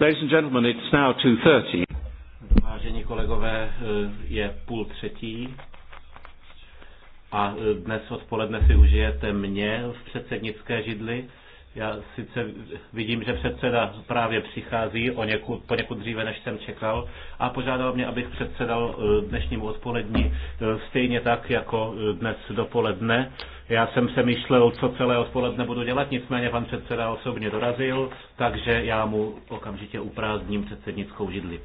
Ladies and gentlemen, it's now 2.30. Vážení kolegové, eh, je půl třetí a eh, dnes odpoledne si užijete mě v předsednické židli. Já sice vidím, že předseda právě přichází o někud, poněkud dříve, než jsem čekal a požádal mě, abych předsedal eh, dnešnímu odpolední eh, stejně tak, jako eh, dnes dopoledne. Já jsem se myšlel, co celé odpoledne budu dělat, nicméně pan předseda osobně dorazil, takže já mu okamžitě uprázdním předsednickou židli.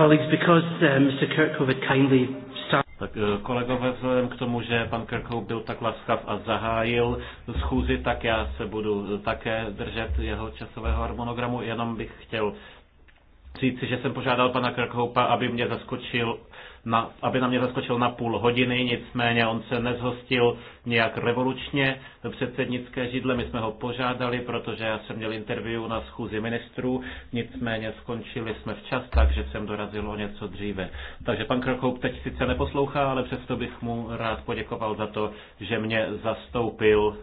colleagues, because uh, Mr. had kindly tak eh, kolegové, vzhledem k tomu, že pan Krkou byl tak laskav a zahájil schůzi, tak já se budu eh, také držet jeho časového harmonogramu. Jenom bych chtěl říci, že jsem požádal pana Krkhoupa, aby mě zaskočil na, aby na mě zaskočil na půl hodiny, nicméně on se nezhostil nějak revolučně předsednické židle. My jsme ho požádali, protože já jsem měl interview na schůzi ministrů, nicméně skončili jsme včas, takže jsem dorazil o něco dříve. Takže pan Krokoup teď sice neposlouchá, ale přesto bych mu rád poděkoval za to, že mě zastoupil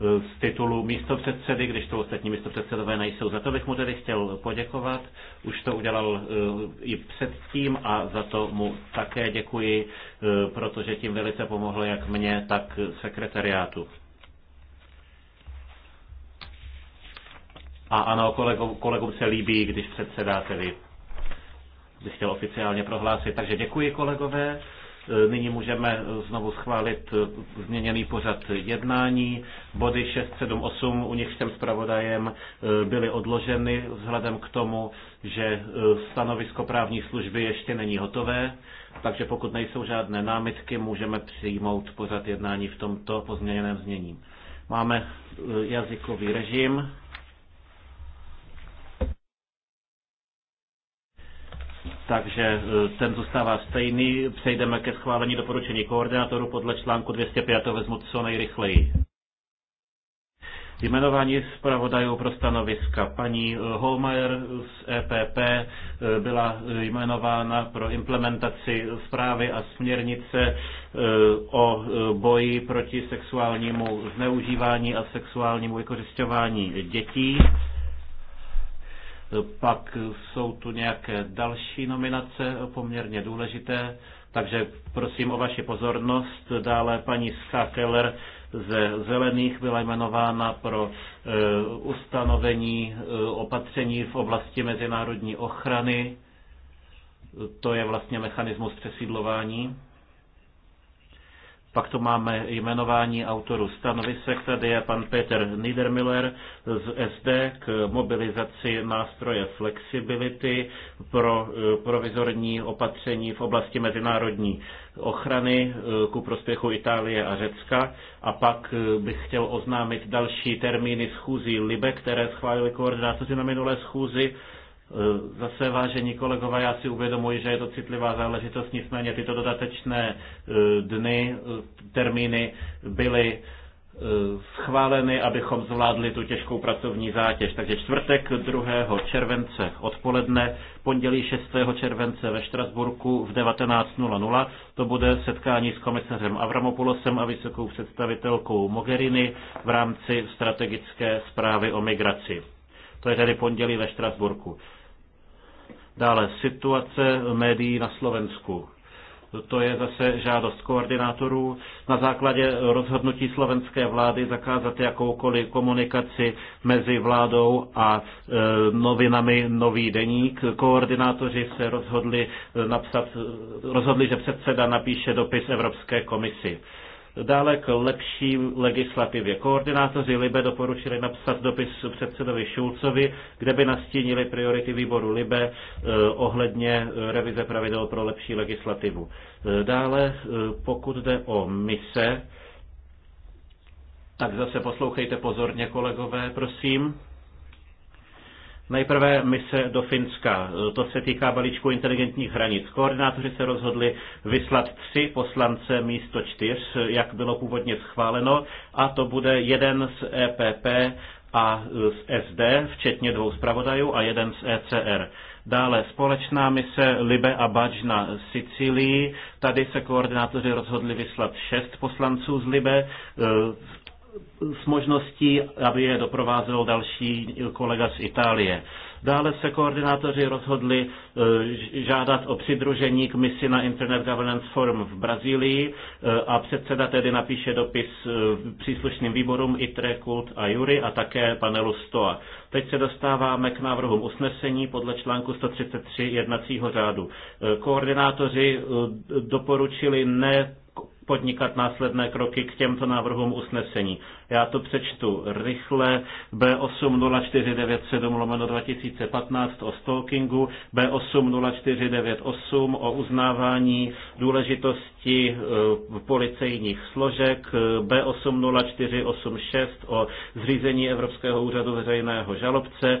Eh, z titulu místopředsedy, když to ostatní místopředsedové nejsou. Za to bych mu tedy chtěl poděkovat. Už to udělal eh, i předtím a za to mu také děkuji, eh, protože tím velice pomohlo jak mě, tak sekretariátu. A ano, kolegu, kolegům se líbí, když předsedáte vy. Bych chtěl oficiálně prohlásit. Takže děkuji kolegové. Nyní můžeme znovu schválit změněný pořad jednání. Body 6, 7, 8, u nich jsem zpravodajem, eh, byly odloženy vzhledem k tomu, že eh, stanovisko právní služby ještě není hotové, takže pokud nejsou žádné námitky, můžeme přijmout pořad jednání v tomto pozměněném znění. Máme eh, jazykový režim. Takže e, ten zůstává stejný. Přejdeme ke schválení doporučení koordinátoru podle článku 205 vezmu co nejrychleji. Jmenování zpravodajů pro stanoviska. Paní e, Holmeier z EPP e, byla jmenována pro implementaci zprávy a směrnice o boji proti sexuálnímu zneužívání a sexuálnímu vykořišťování dětí. Pak jsou tu nějaké další nominace poměrně důležité, takže prosím o vaši pozornost. Dále paní Scha Keller ze Zelených byla jmenována pro eh, ustanovení eh, opatření v oblasti mezinárodní ochrany. To je vlastně mechanismus přesídlování. Pak tu máme jmenování autorů stanovisek. Tady je pan Peter Niedermüller z SD k mobilizaci nástroje flexibility pro eh, provizorní opatření v oblasti mezinárodní ochrany eh, ku prospěchu Itálie a Řecka. A pak eh, bych chtěl oznámit další termíny schůzí LIBE, které schválili koordinátoři na minulé schůzi. Eh, zase, vážení kolegové, já si uvědomuji, že je to citlivá záležitost, nicméně tyto dodatečné eh, dny, eh, termíny byly schváleny, abychom zvládli tu těžkou pracovní zátěž. Takže čtvrtek 2. července odpoledne, pondělí 6. července ve Štrasburku v 19.00. To bude setkání s komisařem Avramopoulosem a vysokou představitelkou Mogherini v rámci strategické zprávy o migraci. To je tedy pondělí ve Štrasburku. Dále situace médií na Slovensku. To je zase žádost koordinátorů. Na základě rozhodnutí slovenské vlády zakázat jakoukoliv komunikaci mezi vládou a e, novinami Nový deník. Koordinátoři se rozhodli, e, napsat, e, rozhodli, že předseda napíše dopis Evropské komisi. Dále k lepší legislativě. Koordinátoři Libe doporučili napsat dopis předsedovi Šulcovi, kde by nastínili priority výboru Libe eh, ohledně eh, revize pravidel pro lepší legislativu. Eh, dále, pokud jde o mise, tak zase poslouchejte pozorně, kolegové, prosím. Nejprve mise do Finska. To se týká balíčku inteligentních hranic. Koordinátoři se rozhodli vyslat tři poslance místo čtyř, jak bylo původně schváleno, a to bude jeden z EPP a z SD, včetně dvou zpravodajů a jeden z ECR. Dále společná mise Libe a Bač na Sicílii. Tady se koordinátoři rozhodli vyslat šest poslanců z Libe, s možností, aby je doprovázel další kolega z Itálie. Dále se koordinátoři rozhodli e, žádat o přidružení k misi na Internet Governance Forum v Brazílii e, a předseda tedy napíše dopis e, příslušným výborům ITRE, KULT a JURY a také panelu STOA. Teď se dostáváme k návrhům usnesení podle článku 133 jednacího řádu. Koordinátoři doporučili ne podnikat následné kroky k těmto návrhům usnesení. Já to přečtu rychle. B80497 lomeno 2015 o stalkingu, B80498 o uznávání důležitosti eh, policejních složek, B80486 o zřízení Evropského úřadu veřejného žalobce, eh,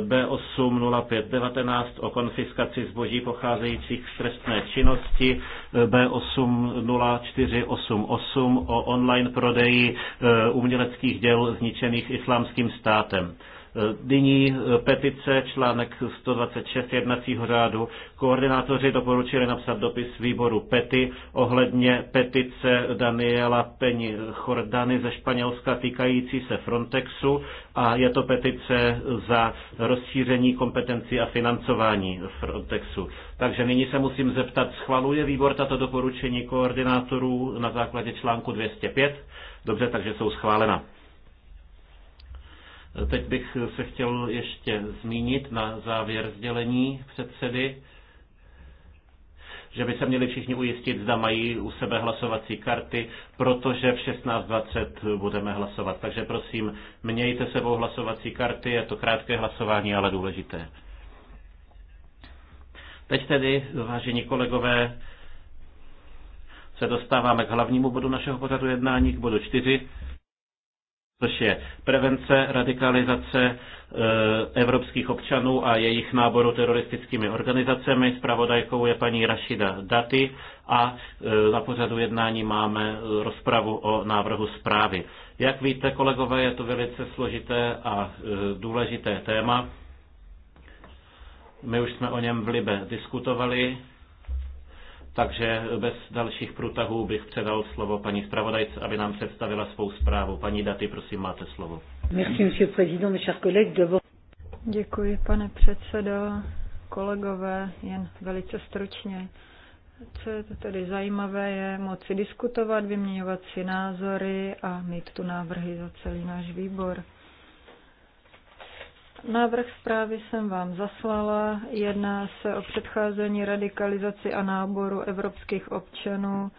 B80519 o konfiskaci zboží pocházejících z trestné činnosti, eh, B80488 o online prodeji um uměleckých děl zničených islámským státem. E, nyní e, petice článek 126 jednacího řádu. Koordinátoři doporučili napsat dopis výboru PETI ohledně petice Daniela Peni Chordany ze Španělska týkající se Frontexu a je to petice za rozšíření kompetencí a financování Frontexu. Takže nyní se musím zeptat, schvaluje výbor tato doporučení koordinátorů na základě článku 205? Dobře, takže jsou schválena. Teď bych se chtěl ještě zmínit na závěr sdělení předsedy, že by se měli všichni ujistit, zda mají u sebe hlasovací karty, protože v 16.20 budeme hlasovat. Takže prosím, mějte sebou hlasovací karty, je to krátké hlasování, ale důležité. Teď tedy, vážení kolegové, se dostáváme k hlavnímu bodu našeho pořadu jednání, k bodu čtyři. což je prevence radikalizace e, evropských občanů a jejich náboru teroristickými organizacemi. Spravodajkou je paní Rašida Daty a e, na pořadu jednání máme rozpravu o návrhu zprávy. Jak víte, kolegové, je to velice složité a e, důležité téma. My už jsme o něm v Libe diskutovali takže bez dalších průtahů bych předal slovo paní zpravodajce, aby nám představila svou zprávu. Paní Daty, prosím, máte slovo. Děkuji, pane předsedo, kolegové, jen velice stručně. Co je to tedy zajímavé, je moci diskutovat, vyměňovat si názory a mít tu návrhy za celý náš výbor. Návrh zprávy jsem vám zaslala. Jedná se o předcházení radikalizaci a náboru evropských občanů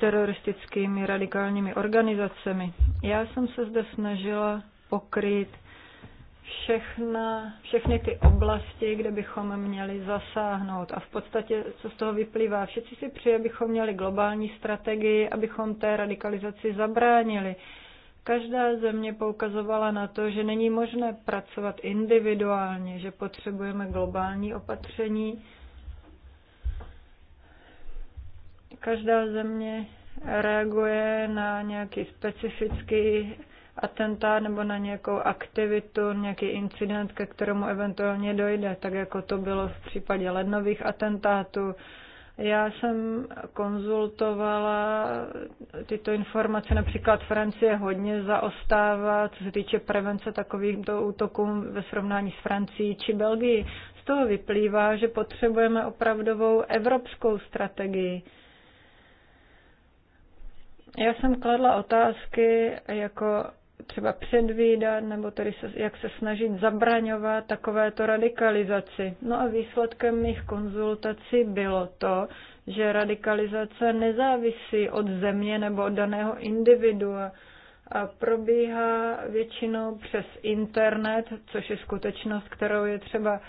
teroristickými radikálními organizacemi. Já jsem se zde snažila pokryt všechna, všechny ty oblasti, kde bychom měli zasáhnout. A v podstatě, co z toho vyplývá, všichni si přeji, abychom měli globální strategii, abychom té radikalizaci zabránili. Každá země poukazovala na to, že není možné pracovat individuálně, že potřebujeme globální opatření. Každá země reaguje na nějaký specifický atentát nebo na nějakou aktivitu, nějaký incident, ke kterému eventuálně dojde, tak jako to bylo v případě lednových atentátů, já jsem konzultovala tyto informace, například Francie hodně zaostává, co se týče prevence takovýchto útoků ve srovnání s Francií či Belgií. Z toho vyplývá, že potřebujeme opravdovou evropskou strategii. Já jsem kladla otázky jako třeba předvídat, nebo tedy se, jak se snažit zabraňovat takovéto radikalizaci. No a výsledkem mých konzultací bylo to, že radikalizace nezávisí od země nebo od daného individua a probíhá většinou přes internet, což je skutečnost, kterou je třeba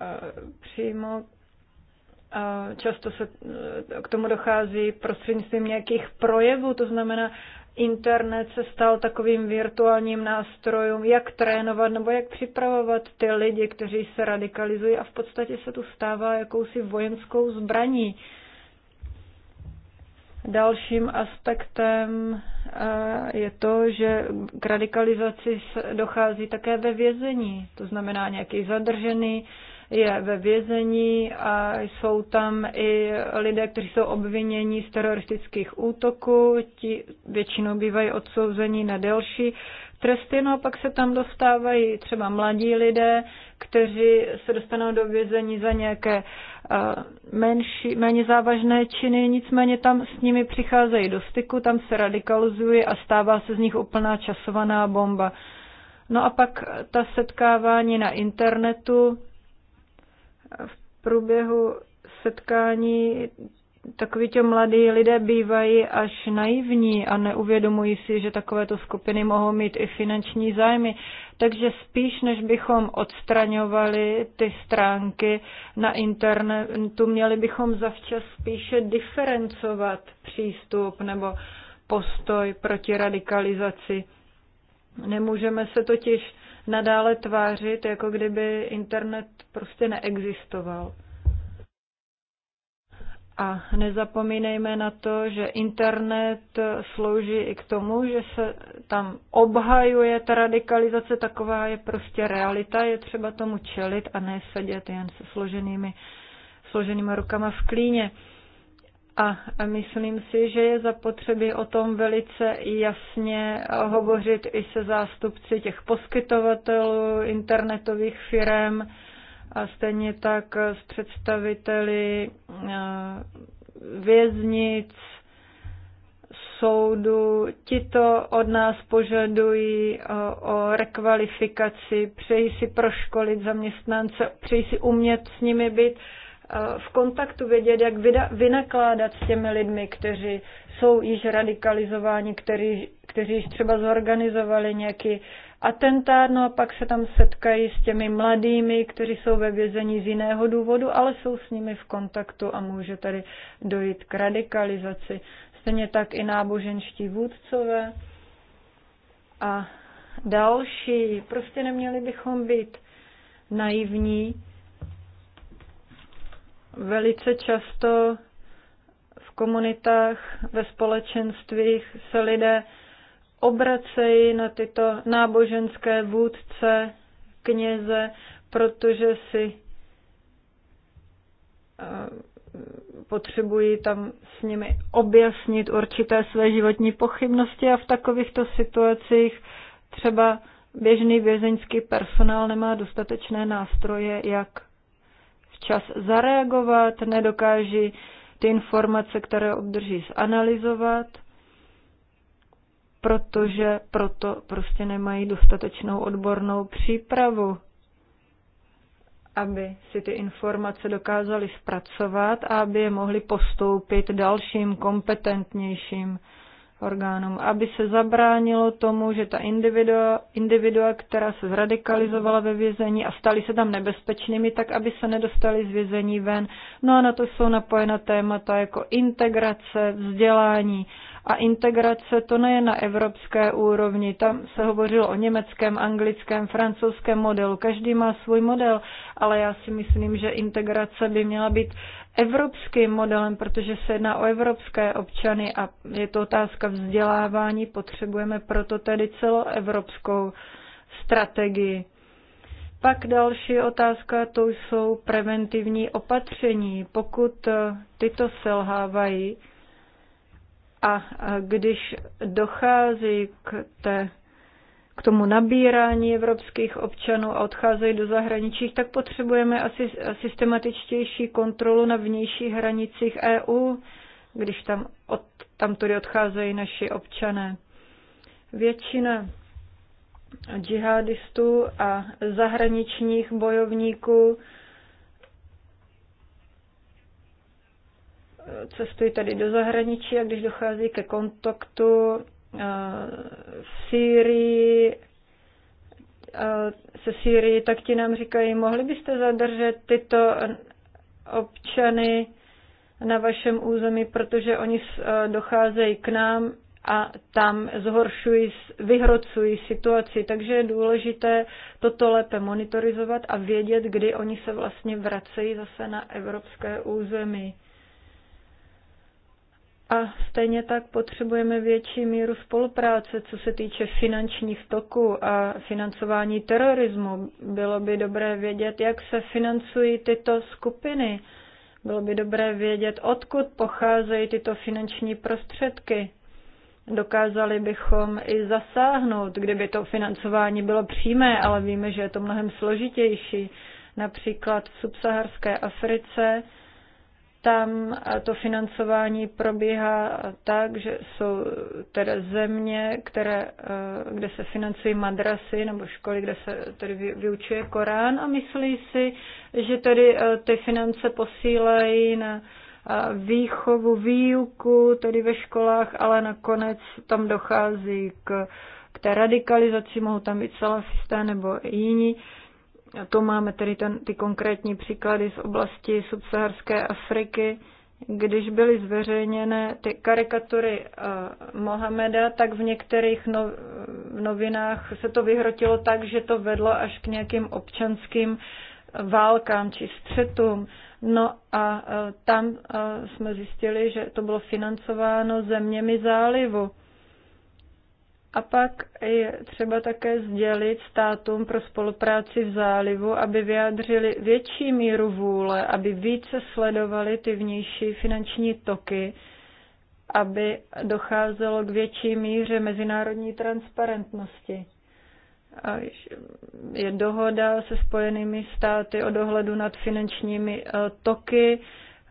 eh, přímo často se eh, k tomu dochází prostřednictvím nějakých projevů, to znamená, internet se stal takovým virtuálním nástrojem, jak trénovat nebo jak připravovat ty lidi, kteří se radikalizují a v podstatě se tu stává jakousi vojenskou zbraní. Dalším aspektem eh, je to, že k radikalizaci dochází také ve vězení, to znamená nějaký zadržený, je ve vězení a jsou tam i lidé, kteří jsou obviněni z teroristických útoků, ti většinou bývají odsouzeni na delší tresty, no a pak se tam dostávají třeba mladí lidé, kteří se dostanou do vězení za nějaké eh, menší, méně závažné činy, nicméně tam s nimi přicházejí do styku, tam se radikalizují a stává se z nich úplná časovaná bomba. No a pak ta setkávání na internetu, v průběhu setkání takoví tě mladí lidé bývají až naivní a neuvědomují si, že takovéto skupiny mohou mít i finanční zájmy. Takže spíš, než bychom odstraňovali ty stránky na internetu, měli bychom zavčas spíše diferencovat přístup nebo postoj proti radikalizaci. Nemůžeme se totiž nadále tvářit, jako kdyby internet prostě neexistoval. A nezapomínejme na to, že internet slouží i k tomu, že se tam obhajuje ta radikalizace, taková je prostě realita, je třeba tomu čelit a ne sedět jen se složenými, složenými rukama v klíně. A myslím si, že je zapotřebí o tom velice jasně hovořit i se zástupci těch poskytovatelů, internetových firm a stejně tak s představiteli eh, věznic, soudu. Tito od nás požadují eh, o rekvalifikaci, přeji si proškolit zaměstnance, přeji si umět s nimi být Eh, v kontaktu, vědět, jak vynakládat s těmi lidmi, kteří jsou již radikalizováni, kteří, kteří již třeba zorganizovali nějaký atentát, no a pak se tam setkají s těmi mladými, kteří jsou ve vězení z jiného důvodu, ale jsou s nimi v kontaktu a může tady dojít k radikalizaci. Stejně tak i náboženští vůdcové a další. Prostě neměli bychom být naivní Velice často v komunitách, ve společenstvích se lidé obracejí na tyto náboženské vůdce, kněze, protože si eh, potřebují tam s nimi objasnit určité své životní pochybnosti a v takovýchto situacích třeba běžný vězeňský personál nemá dostatečné nástroje, jak včas zareagovat, nedokáží ty informace, které obdrží, zanalizovat, protože proto prostě nemají dostatečnou odbornou přípravu, aby si ty informace dokázali zpracovat a aby je mohli postoupit dalším kompetentnějším orgánům, aby se zabránilo tomu, že ta individua, individua, která se zradikalizovala ve vězení a staly se tam nebezpečnými, tak aby se nedostali z vězení ven. No a na to jsou napojena témata jako integrace, vzdělání. A integrace to nejen na evropské úrovni, tam se hovořilo o německém, anglickém, francouzském modelu, každý má svůj model, ale já si myslím, že integrace by měla být evropským modelem, protože se jedná o evropské občany a je to otázka vzdělávání, potřebujeme proto tedy celoevropskou strategii. Pak další otázka, to jsou preventivní opatření. Pokud eh, tyto selhávají a když dochází k té k tomu nabírání evropských občanů a odcházejí do zahraničí, tak potřebujeme asi systematičtější kontrolu na vnějších hranicích EU, když tam, od, tam odcházejí naši občané. Většina džihadistů a zahraničních bojovníků cestují tady do zahraničí a když dochází ke kontaktu Eh, v Syrii, eh, se Syrii, tak ti nám říkají, mohli byste zadržet tyto občany na vašem území, protože oni eh, docházejí k nám a tam zhoršují, vyhrocují situaci. Takže je důležité toto lépe monitorizovat a vědět, kdy oni se vlastně vracejí zase na evropské území. A stejně tak potřebujeme větší míru spolupráce, co se týče finančních toků a financování terorismu. Bylo by dobré vědět, jak se financují tyto skupiny. Bylo by dobré vědět, odkud pocházejí tyto finanční prostředky. Dokázali bychom i zasáhnout, kdyby to financování bylo přímé, ale víme, že je to mnohem složitější. Například v subsaharské Africe tam to financování probíhá tak, že jsou teda země, které, e, kde se financují madrasy nebo školy, kde se tedy vyučuje Korán a myslí si, že tedy e, ty finance posílají na e, výchovu, výuku tedy ve školách, ale nakonec tam dochází k, k té radikalizaci, mohou tam být salafisté nebo jiní to máme tedy ten, ty konkrétní příklady z oblasti subsaharské Afriky. Když byly zveřejněné ty karikatury uh, Mohameda, tak v některých no, novinách se to vyhrotilo tak, že to vedlo až k nějakým občanským eh, válkám či střetům. No a uh, tam uh, jsme zjistili, že to bylo financováno zeměmi zálivu. A pak je třeba také sdělit státům pro spolupráci v zálivu, aby vyjádřili větší míru vůle, aby více sledovali ty vnější finanční toky, aby docházelo k větší míře mezinárodní transparentnosti. A je dohoda se spojenými státy o dohledu nad finančními eh, toky,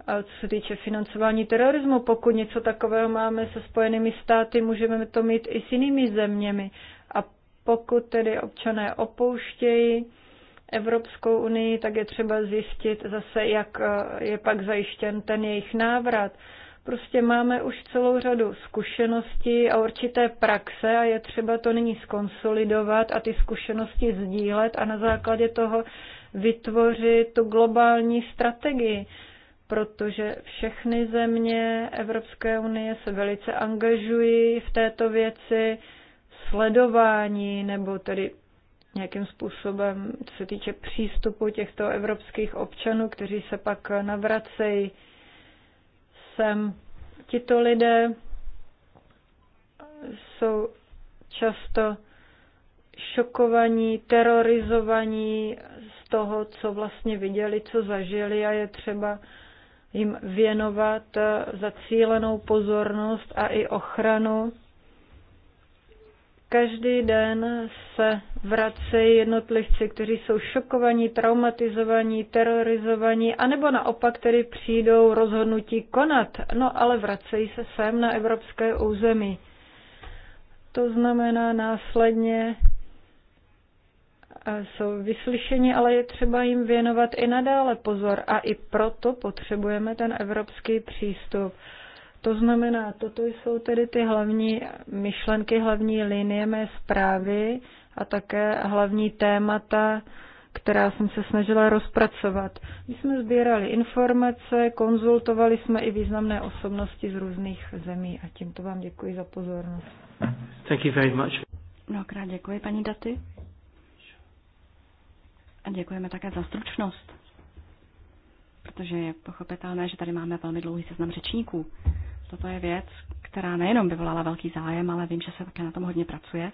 co se týče financování terorismu, pokud něco takového máme se Spojenými státy, můžeme to mít i s jinými zeměmi. A pokud tedy občané opouštějí Evropskou unii, tak je třeba zjistit zase, jak eh, je pak zajištěn ten jejich návrat. Prostě máme už celou řadu zkušeností a určité praxe a je třeba to nyní skonsolidovat a ty zkušenosti sdílet a na základě toho vytvořit tu globální strategii protože všechny země Evropské unie se velice angažují v této věci sledování nebo tedy nějakým způsobem, co se týče přístupu těchto evropských občanů, kteří se pak navracejí sem. Tito lidé jsou často šokovaní, terorizovaní z toho, co vlastně viděli, co zažili a je třeba jim věnovat eh, zacílenou pozornost a i ochranu. Každý den se vracejí jednotlivci, kteří jsou šokovaní, traumatizovaní, terorizovaní, anebo naopak, kteří přijdou rozhodnutí konat, no ale vracejí se sem na evropské území. To znamená následně jsou vyslyšeni, ale je třeba jim věnovat i nadále pozor a i proto potřebujeme ten evropský přístup. To znamená, toto jsou tedy ty hlavní myšlenky, hlavní linie mé zprávy a také hlavní témata, která jsem se snažila rozpracovat. My jsme sbírali informace, konzultovali jsme i významné osobnosti z různých zemí a tímto vám děkuji za pozornost. Thank you very much. Mnohokrát děkuji, paní Daty. A děkujeme také za stručnost, protože je pochopitelné, že tady máme velmi dlouhý seznam řečníků. Toto je věc, která nejenom vyvolala velký zájem, ale vím, že se také na tom hodně pracuje.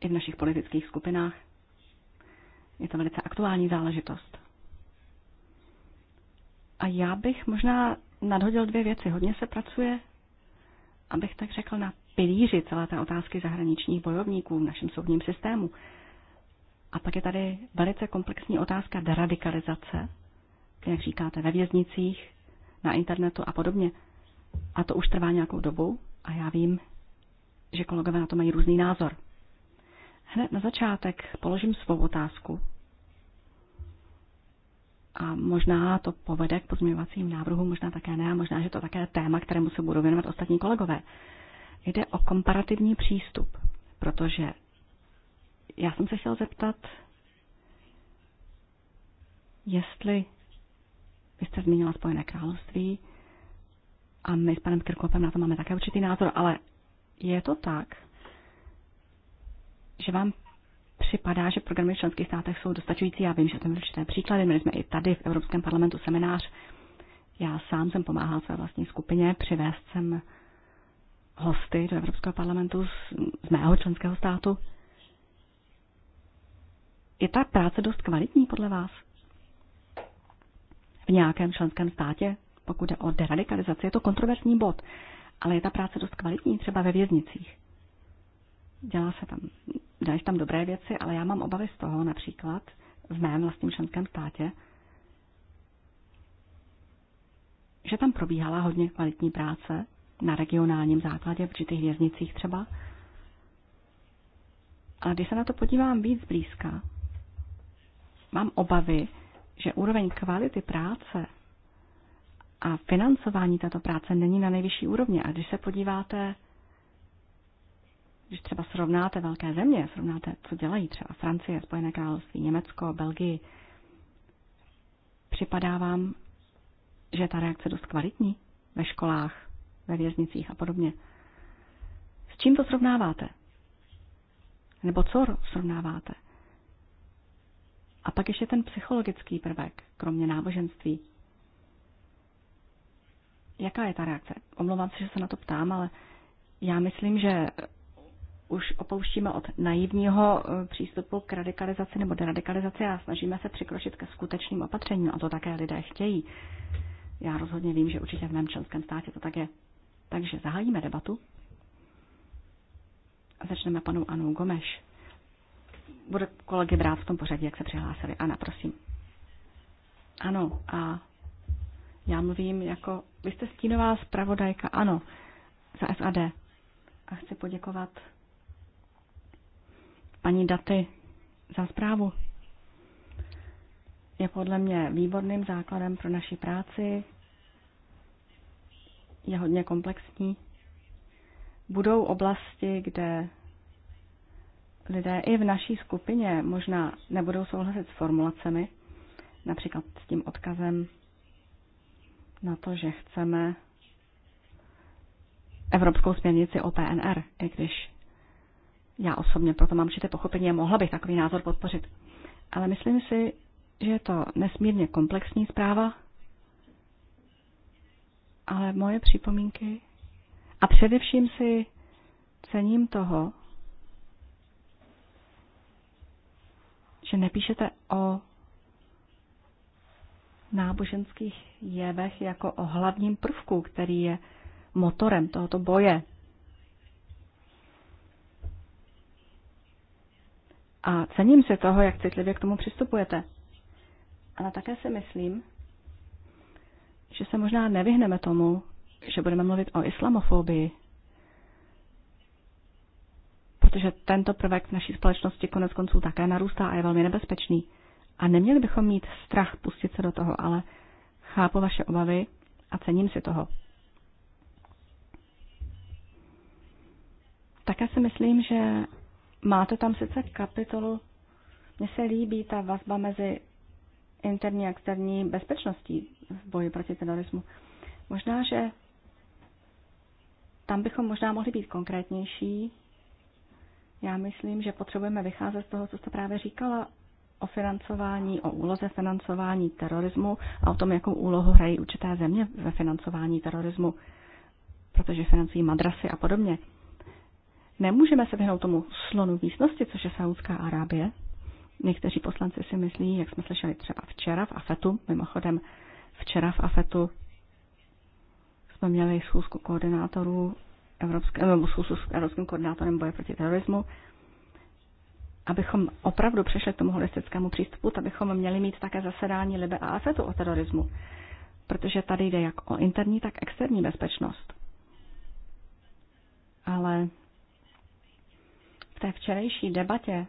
I v našich politických skupinách. Je to velice aktuální záležitost. A já bych možná nadhodil dvě věci. Hodně se pracuje, abych tak řekl, na pilíři celé té otázky zahraničních bojovníků v našem soudním systému. A pak je tady velice komplexní otázka deradikalizace, jak říkáte, ve věznicích, na internetu a podobně. A to už trvá nějakou dobu a já vím, že kolegové na to mají různý názor. Hned na začátek položím svou otázku. A možná to povede k pozměňovacím návrhům, možná také ne, a možná, že to také je téma, kterému se budou věnovat ostatní kolegové. Jde o komparativní přístup, protože já jsem se chtěl zeptat, jestli vy jste zmínila Spojené království a my s panem Kirkopem na to máme také určitý názor, ale je to tak, že vám připadá, že programy v členských státech jsou dostačující. Já vím, že tam určité příklady. Měli jsme i tady v Evropském parlamentu seminář. Já sám jsem pomáhal své vlastní skupině, přivést jsem hosty do Evropského parlamentu z, z mého členského státu. Je ta práce dost kvalitní podle vás? V nějakém členském státě, pokud jde o deradikalizaci, je to kontroverzní bod, ale je ta práce dost kvalitní třeba ve věznicích. Dělá se tam, se tam dobré věci, ale já mám obavy z toho například v mém vlastním členském státě, že tam probíhala hodně kvalitní práce, na regionálním základě, při těch věznicích třeba. Ale když se na to podívám víc blízka, mám obavy, že úroveň kvality práce a financování této práce není na nejvyšší úrovni. A když se podíváte, když třeba srovnáte velké země, srovnáte, co dělají třeba Francie, Spojené království, Německo, Belgii, připadá vám, že ta reakce dost kvalitní ve školách, ve věznicích a podobně. S čím to srovnáváte? Nebo co srovnáváte? A pak ještě ten psychologický prvek, kromě náboženství. Jaká je ta reakce? Omlouvám se, že se na to ptám, ale já myslím, že už opouštíme od naivního eh, přístupu k radikalizaci nebo deradikalizaci a snažíme se přikročit ke skutečným opatřením a to také lidé chtějí. Já rozhodně vím, že určitě v mém členském státě to tak je. Takže zahájíme debatu a začneme panu Anou Gomeš. Bude kolegy brát v tom pořadí, jak se přihlásili. Ana, prosím. Ano, a já mluvím jako... Vy jste stínová zpravodajka, ano, za SAD. A chci poděkovat paní Daty za zprávu. Je podle mě výborným základem pro naši práci je hodně komplexní. Budou oblasti, kde lidé i v naší skupině možná nebudou souhlasit s formulacemi, například s tím odkazem na to, že chceme evropskou směrnici o PNR, i když já osobně proto mám určité pochopení a mohla bych takový názor podpořit. Ale myslím si, že je to nesmírně komplexní zpráva, ale moje připomínky a především si cením toho, že nepíšete o náboženských jevech jako o hlavním prvku, který je motorem tohoto boje. A cením se toho, jak citlivě k tomu přistupujete. Ale také si myslím, že se možná nevyhneme tomu, že budeme mluvit o islamofobii, protože tento prvek v naší společnosti konec konců také narůstá a je velmi nebezpečný. A neměli bychom mít strach pustit se do toho, ale chápu vaše obavy a cením si toho. Také si myslím, že máte tam sice kapitolu, mně se líbí ta vazba mezi interní a externí bezpečností v boji proti terorismu. Možná, že tam bychom možná mohli být konkrétnější. Já myslím, že potřebujeme vycházet z toho, co jste právě říkala o financování, o úloze financování terorismu a o tom, jakou úlohu hrají určité země ve financování terorismu, protože financují madrasy a podobně. Nemůžeme se vyhnout tomu slonu místnosti, což je Saudská Arábie, Někteří poslanci si myslí, jak jsme slyšeli třeba včera v AFETu, mimochodem včera v AFETu jsme měli schůzku koordinátorů Evropské, nebo schůzku s Evropským koordinátorem boje proti terorismu, abychom opravdu přešli k tomu holistickému přístupu, tak bychom měli mít také zasedání Libe a AFETu o terorismu, protože tady jde jak o interní, tak externí bezpečnost. Ale v té včerejší debatě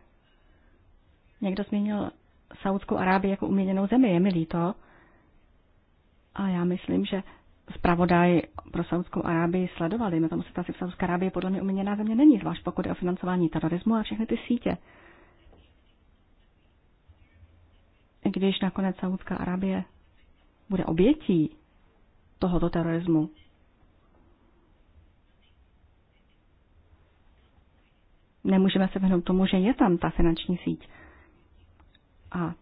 Někdo zmínil Saudskou Arábii jako uměněnou zemi. Je mi líto. A já myslím, že zpravodaj pro Saudskou Arábii sledovali, Dejme tomu situaci v Saudské Arábii podle mě uměněná země není, zvlášť pokud je o financování terorismu a všechny ty sítě. Když nakonec Saudská Arábie bude obětí tohoto terorismu, nemůžeme se vyhnout tomu, že je tam ta finanční síť. A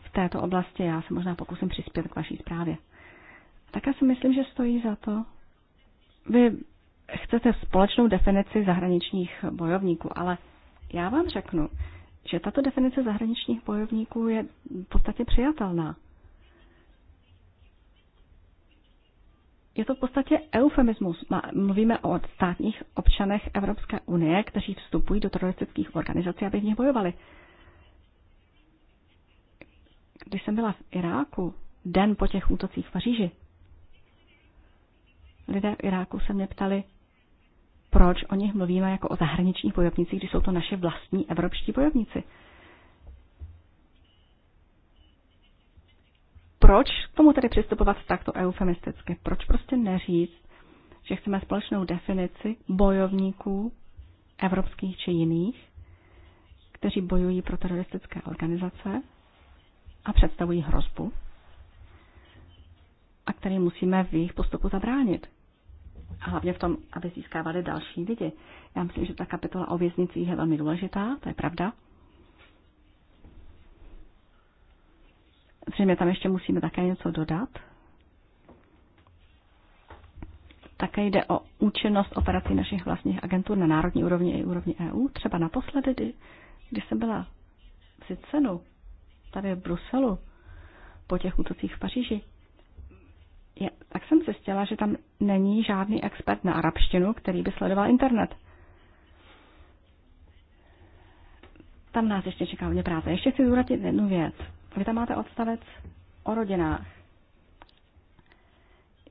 v této oblasti já se možná pokusím přispět k vaší zprávě. já si myslím, že stojí za to. Vy chcete společnou definici zahraničních bojovníků, ale já vám řeknu, že tato definice zahraničních bojovníků je v podstatě přijatelná. Je to v podstatě eufemismus. Mluvíme o státních občanech Evropské unie, kteří vstupují do teroristických organizací, aby v nich bojovali. Když jsem byla v Iráku, den po těch útocích v Paříži, lidé v Iráku se mě ptali, proč o nich mluvíme jako o zahraničních bojovnicích, když jsou to naše vlastní evropští bojovníci. Proč k tomu tedy přistupovat takto eufemisticky? Proč prostě neříct, že chceme společnou definici bojovníků evropských či jiných, kteří bojují pro teroristické organizace a představují hrozbu a které musíme v jejich postupu zabránit. A hlavně v tom, aby získávali další lidi. Já myslím, že ta kapitola o věznicích je velmi důležitá, to je pravda. Zřejmě tam ještě musíme také něco dodat. Také jde o účinnost operací našich vlastních agentur na národní úrovni i úrovni EU. Třeba naposledy, kdy, kdy jsem byla v Zicenu, tady v Bruselu po těch útocích v Paříži, je, tak jsem zjistila, že tam není žádný expert na arabštinu, který by sledoval internet. Tam nás ještě čeká hodně práce. Ještě chci zúratit jednu věc. Vy tam máte odstavec o rodinách.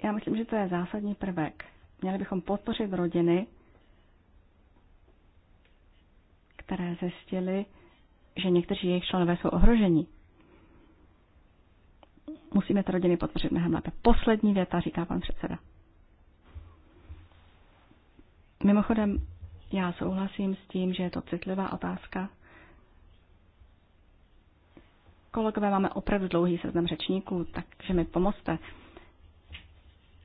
Já myslím, že to je zásadní prvek. Měli bychom podpořit rodiny, které zjistily, že někteří jejich členové jsou ohroženi. Musíme ty rodiny podpořit mnohem lépe. Poslední věta, říká pan předseda. Mimochodem, já souhlasím s tím, že je to citlivá otázka. Kolegové, máme opravdu dlouhý seznam řečníků, takže mi pomozte.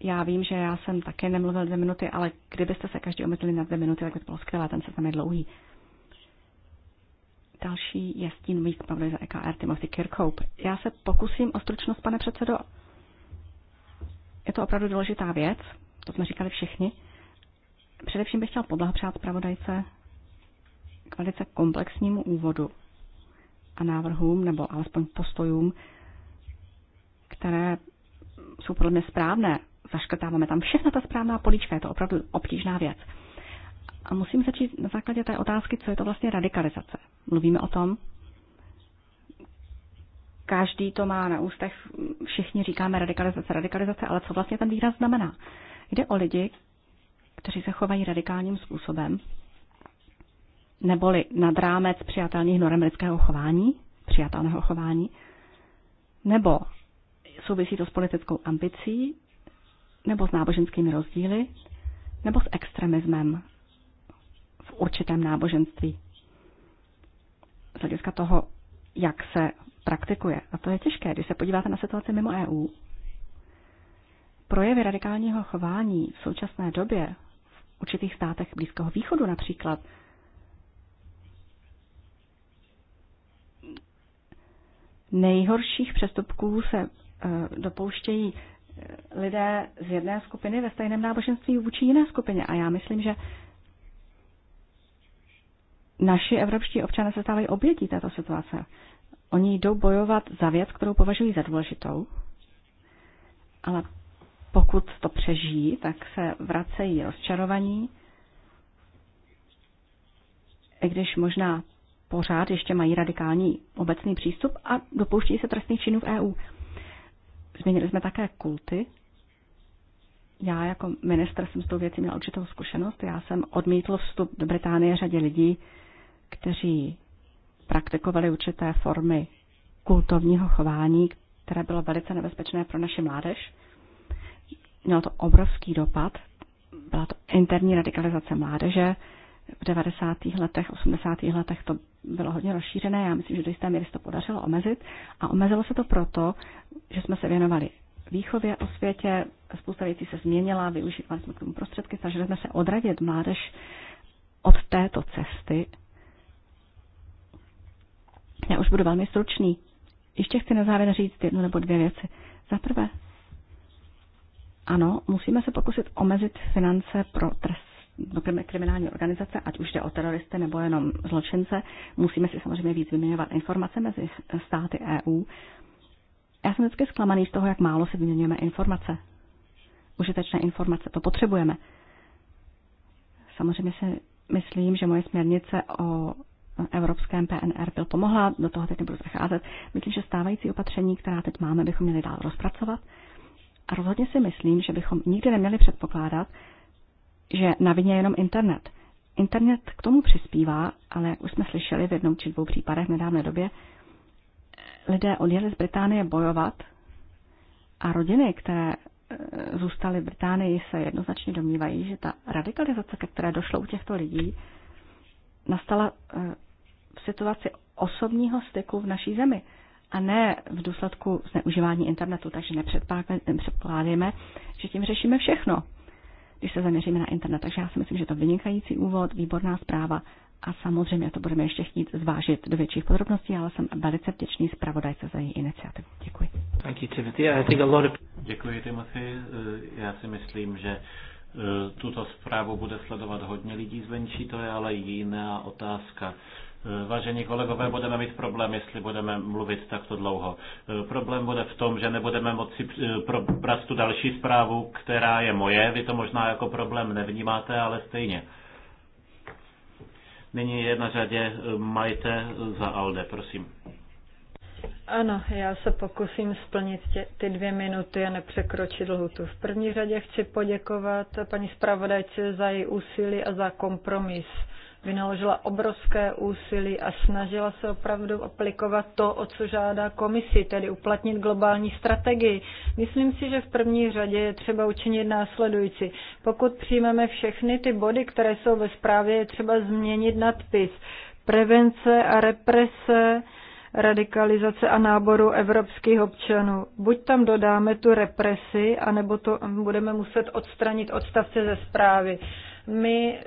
Já vím, že já jsem také nemluvil dvě minuty, ale kdybyste se každý omezili na dvě minuty, tak by to bylo skvělé, ten seznam je dlouhý. Další je stínový zpravodaj za EKR Timothy Kirkhope. Já se pokusím o stručnost, pane předsedo. Je to opravdu důležitá věc, to jsme říkali všichni. Především bych chtěl přát zpravodajce k velice komplexnímu úvodu a návrhům, nebo alespoň postojům, které jsou pro mě správné. Zaškrtáváme tam všechna ta správná políčka, je to opravdu obtížná věc. A musím začít na základě té otázky, co je to vlastně radikalizace. Mluvíme o tom, každý to má na ústech, všichni říkáme radikalizace, radikalizace, ale co vlastně ten výraz znamená? Jde o lidi, kteří se chovají radikálním způsobem, neboli nad rámec přijatelných norem lidského chování, přijatelného chování, nebo souvisí to s politickou ambicí, nebo s náboženskými rozdíly, nebo s extremismem, určitém náboženství. Z hlediska toho, jak se praktikuje. A to je těžké, když se podíváte na situaci mimo EU. Projevy radikálního chování v současné době v určitých státech Blízkého východu například nejhorších přestupků se e, dopouštějí e, lidé z jedné skupiny ve stejném náboženství vůči jiné skupině. A já myslím, že naši evropští občané se stávají obětí této situace. Oni jdou bojovat za věc, kterou považují za důležitou, ale pokud to přežijí, tak se vracejí rozčarovaní, i když možná pořád ještě mají radikální obecný přístup a dopouští se trestných činů v EU. Změnili jsme také kulty. Já jako minister jsem s tou věcí měla určitou zkušenost. Já jsem odmítl vstup do Británie řadě lidí, kteří praktikovali určité formy kultovního chování, které bylo velice nebezpečné pro naši mládež. Mělo to obrovský dopad. Byla to interní radikalizace mládeže. V 90. letech, 80. letech to bylo hodně rozšířené. Já myslím, že do jisté míry se to podařilo omezit. A omezilo se to proto, že jsme se věnovali výchově o světě. Spousta věcí se změnila, využívali jsme k tomu prostředky, snažili jsme se odradit mládež od této cesty, já už budu velmi stručný. Ještě chci na závěr říct jednu nebo dvě věci. Za prvé, ano, musíme se pokusit omezit finance pro trest kriminální organizace, ať už jde o teroristy nebo jenom zločince. Musíme si samozřejmě víc vyměňovat informace mezi státy EU. Já jsem vždycky zklamaný z toho, jak málo si vyměňujeme informace. Užitečné informace, to potřebujeme. Samozřejmě si myslím, že moje směrnice o evropském PNR byl pomohla, do toho teď nebudu zacházet. Myslím, že stávající opatření, která teď máme, bychom měli dál rozpracovat. A rozhodně si myslím, že bychom nikdy neměli předpokládat, že na vině je jenom internet. Internet k tomu přispívá, ale jak už jsme slyšeli v jednom či dvou případech v nedávné době, lidé odjeli z Británie bojovat a rodiny, které e, zůstaly v Británii, se jednoznačně domnívají, že ta radikalizace, ke které došlo u těchto lidí, nastala eh, v situaci osobního styku v naší zemi a ne v důsledku zneužívání internetu. Takže nepředpokládáme, že tím řešíme všechno, když se zaměříme na internet. Takže já si myslím, že to vynikající úvod, výborná zpráva a samozřejmě to budeme ještě chtít zvážit do větších podrobností, ale jsem velice vděčný zpravodajce za její iniciativu. Děkuji. Thank you, Timothy. I think a lot Děkuji, Timothy. Eh, já si myslím, že Eh, tuto zprávu bude sledovat hodně lidí zvenčí, to je ale jiná otázka. Eh, vážení kolegové, budeme mít problém, jestli budeme mluvit takto dlouho. Eh, problém bude v tom, že nebudeme moci probrat tu další zprávu, která je moje. Vy to možná jako problém nevnímáte, ale stejně. Nyní je na řadě Majte za Alde, prosím. Ano, já se pokusím splnit tě, ty dvě minuty a nepřekročit lhutu. V první řadě chci poděkovat paní zpravodajce za její úsilí a za kompromis. Vynaložila obrovské úsilí a snažila se opravdu aplikovat to, o co žádá komisi, tedy uplatnit globální strategii. Myslím si, že v první řadě je třeba učinit následující. Pokud přijmeme všechny ty body, které jsou ve zprávě, je třeba změnit nadpis. Prevence a represe radikalizace a náboru evropských občanů. Buď tam dodáme tu represi, anebo to budeme muset odstranit odstavce ze zprávy. My e,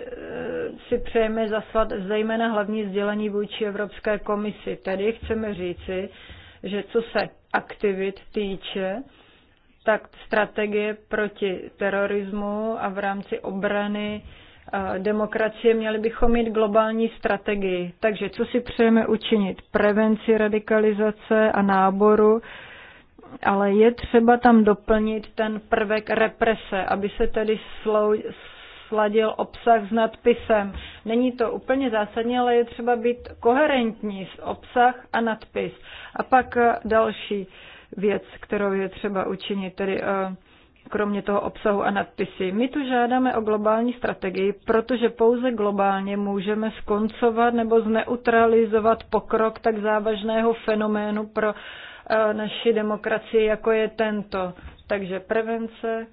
si přejeme zaslat zejména hlavní sdělení vůči Evropské komisi. Tedy chceme říci, že co se aktivit týče, tak strategie proti terorismu a v rámci obrany demokracie, měli bychom mít globální strategii. Takže co si přejeme učinit? Prevenci radikalizace a náboru, ale je třeba tam doplnit ten prvek represe, aby se tedy slou, sladil obsah s nadpisem. Není to úplně zásadně, ale je třeba být koherentní s obsah a nadpis. A pak eh, další věc, kterou je třeba učinit, tedy uh, kromě toho obsahu a nadpisy. My tu žádáme o globální strategii, protože pouze globálně můžeme skoncovat nebo zneutralizovat pokrok tak závažného fenoménu pro eh, naši demokracii, jako je tento. Takže prevence,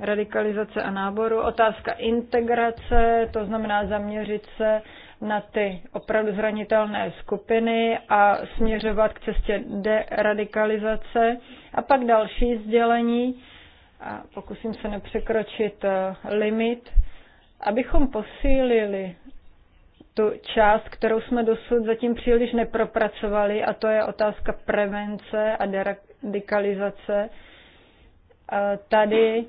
radikalizace a náboru, otázka integrace, to znamená zaměřit se na ty opravdu zranitelné skupiny a směřovat k cestě deradikalizace. A pak další sdělení, a pokusím se nepřekročit eh, limit, abychom posílili tu část, kterou jsme dosud zatím příliš nepropracovali, a to je otázka prevence a deradikalizace. Eh, tady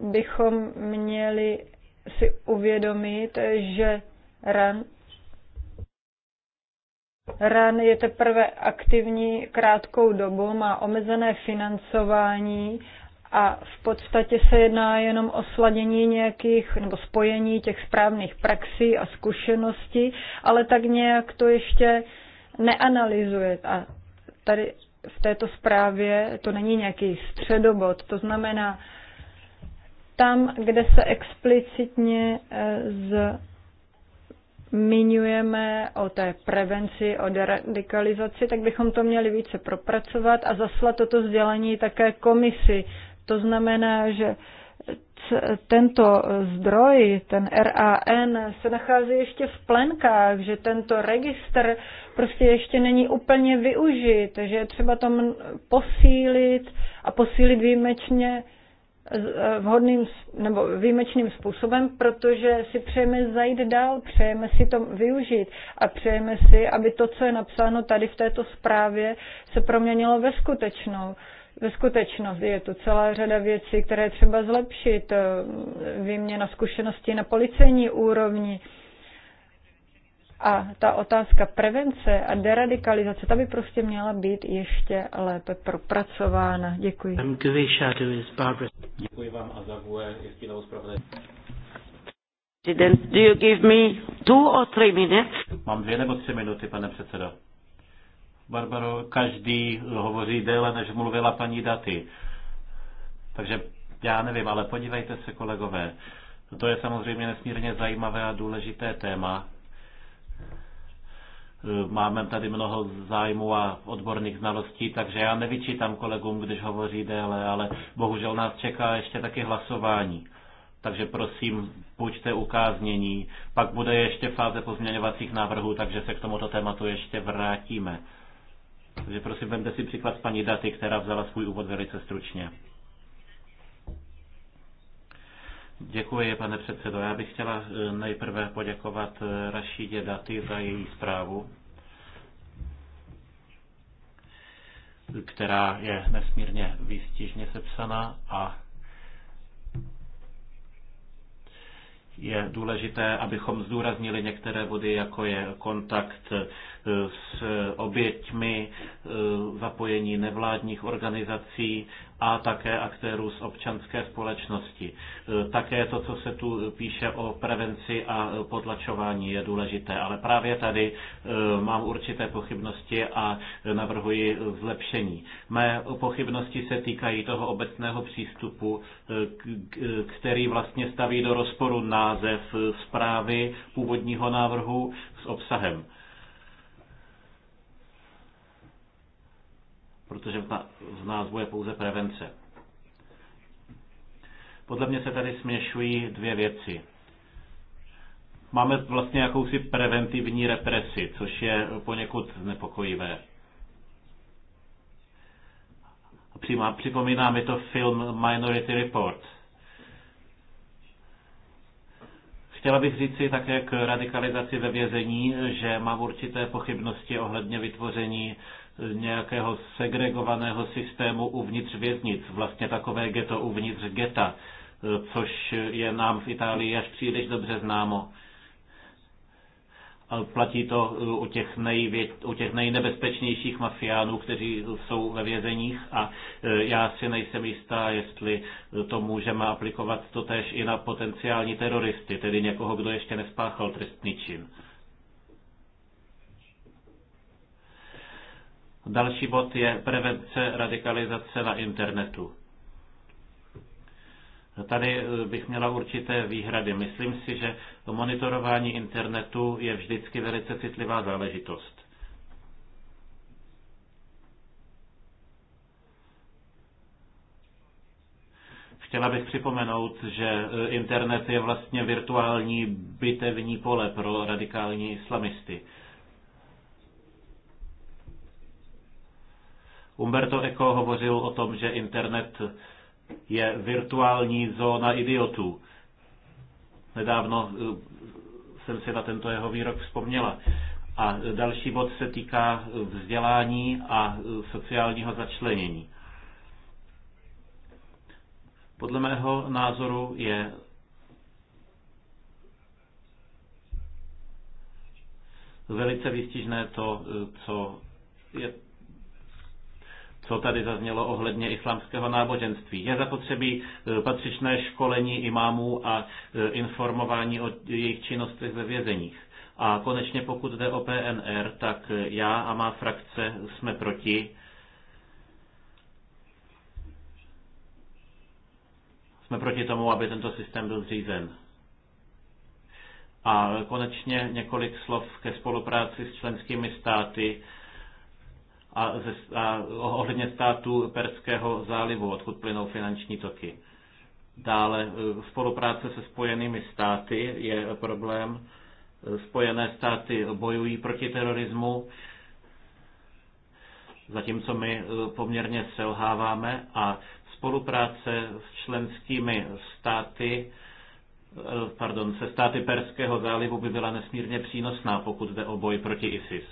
bychom měli si uvědomit, že ran RAN je teprve aktivní krátkou dobu, má omezené financování a v podstatě se jedná jenom o sladění nějakých nebo spojení těch správných praxí a zkušeností, ale tak nějak to ještě neanalyzuje. A tady v této zprávě to není nějaký středobod, to znamená tam, kde se explicitně eh, z zmiňujeme o té prevenci, o deradikalizaci, tak bychom to měli více propracovat a zaslat toto vzdělení také komisi. To znamená, že tento zdroj, ten RAN, se nachází ještě v plenkách, že tento registr prostě ještě není úplně využit, že je třeba tam posílit a posílit výjimečně Eh, vhodným nebo výjimečným způsobem, protože si přejeme zajít dál, přejeme si to využít a přejeme si, aby to, co je napsáno tady v této zprávě, se proměnilo ve skutečnou. Ve skutečnost je tu celá řada věcí, které třeba zlepšit, eh, výměna zkušeností na policejní úrovni, a ta otázka prevence a deradikalizace, ta by prostě měla být ještě lépe propracována. Děkuji. Děkuji vám a za President, do you give me two or three minutes? Mám dvě nebo tři minuty, pane předsedo. Barbaro, každý hovoří déle, než mluvila paní Daty. Takže já nevím, ale podívejte se, kolegové. To je samozřejmě nesmírně zajímavé a důležité téma. Eh, máme tady mnoho zájmu a odborných znalostí, takže já nevyčítám kolegům, když hovoří déle, ale bohužel nás čeká ještě taky hlasování. Takže prosím, buďte ukáznění. Pak bude ještě fáze pozměňovacích návrhů, takže se k tomuto tématu ještě vrátíme. Takže prosím, vemte si příklad paní Daty, která vzala svůj úvod velice stručně. Děkuji, pane předsedo. Já bych chtěla eh, nejprve poděkovat eh, Rašídě Daty za její zprávu, která je nesmírně výstižně sepsaná a je důležité, abychom zdůraznili některé body, jako je kontakt eh, s oběťmi, zapojení nevládních organizací, a také aktérů z občanské společnosti. E, také to, co se tu píše o prevenci a potlačování, je důležité. Ale právě tady e, mám určité pochybnosti a navrhuji zlepšení. Mé pochybnosti se týkají toho obecného přístupu, e, který vlastně staví do rozporu název zprávy původního návrhu s obsahem. protože v názvu je pouze prevence. Podle mě se tady směšují dvě věci. Máme vlastně jakousi preventivní represi, což je poněkud nepokojivé. Přímá, připomíná mi to film Minority Report. Chtěla bych říci také k radikalizaci ve vězení, že mám určité pochybnosti ohledně vytvoření nějakého segregovaného systému uvnitř věznic, vlastně takové geto uvnitř geta, e, což je nám v Itálii až příliš dobře známo. Platí to e, u těch, nejvě, u těch nejnebezpečnějších mafiánů, kteří jsou ve vězeních a e, já si nejsem jistá, jestli to můžeme aplikovat totež i na potenciální teroristy, tedy někoho, kdo ještě nespáchal trestný čin. Další bod je prevence radikalizace na internetu. Tady eh, bych měla určité výhrady. Myslím si, že monitorování internetu je vždycky velice citlivá záležitost. Chtěla bych připomenout, že eh, internet je vlastně virtuální bitevní pole pro radikální islamisty. Umberto Eco hovořil o tom, že internet je virtuální zóna idiotů. Nedávno eh, jsem si na tento jeho výrok vzpomněla. A další bod se týká vzdělání a eh, sociálního začlenění. Podle mého názoru je velice výstižné to, eh, co je co tady zaznělo ohledně islámského náboženství. Je zapotřebí e, patřičné školení imámů a e, informování o jejich činnostech ve vězeních. A konečně pokud jde o PNR, tak e, já a má frakce jsme proti. Jsme proti tomu, aby tento systém byl zřízen. A konečně několik slov ke spolupráci s členskými státy a, ze, a ohledně státu Perského zálivu, odkud plynou finanční toky. Dále e, spolupráce se spojenými státy je problém. E, Spojené státy bojují proti terorismu, zatímco my e, poměrně selháváme a spolupráce s členskými státy pardon, se státy Perského zálivu by byla nesmírně přínosná, pokud jde o boj proti ISIS.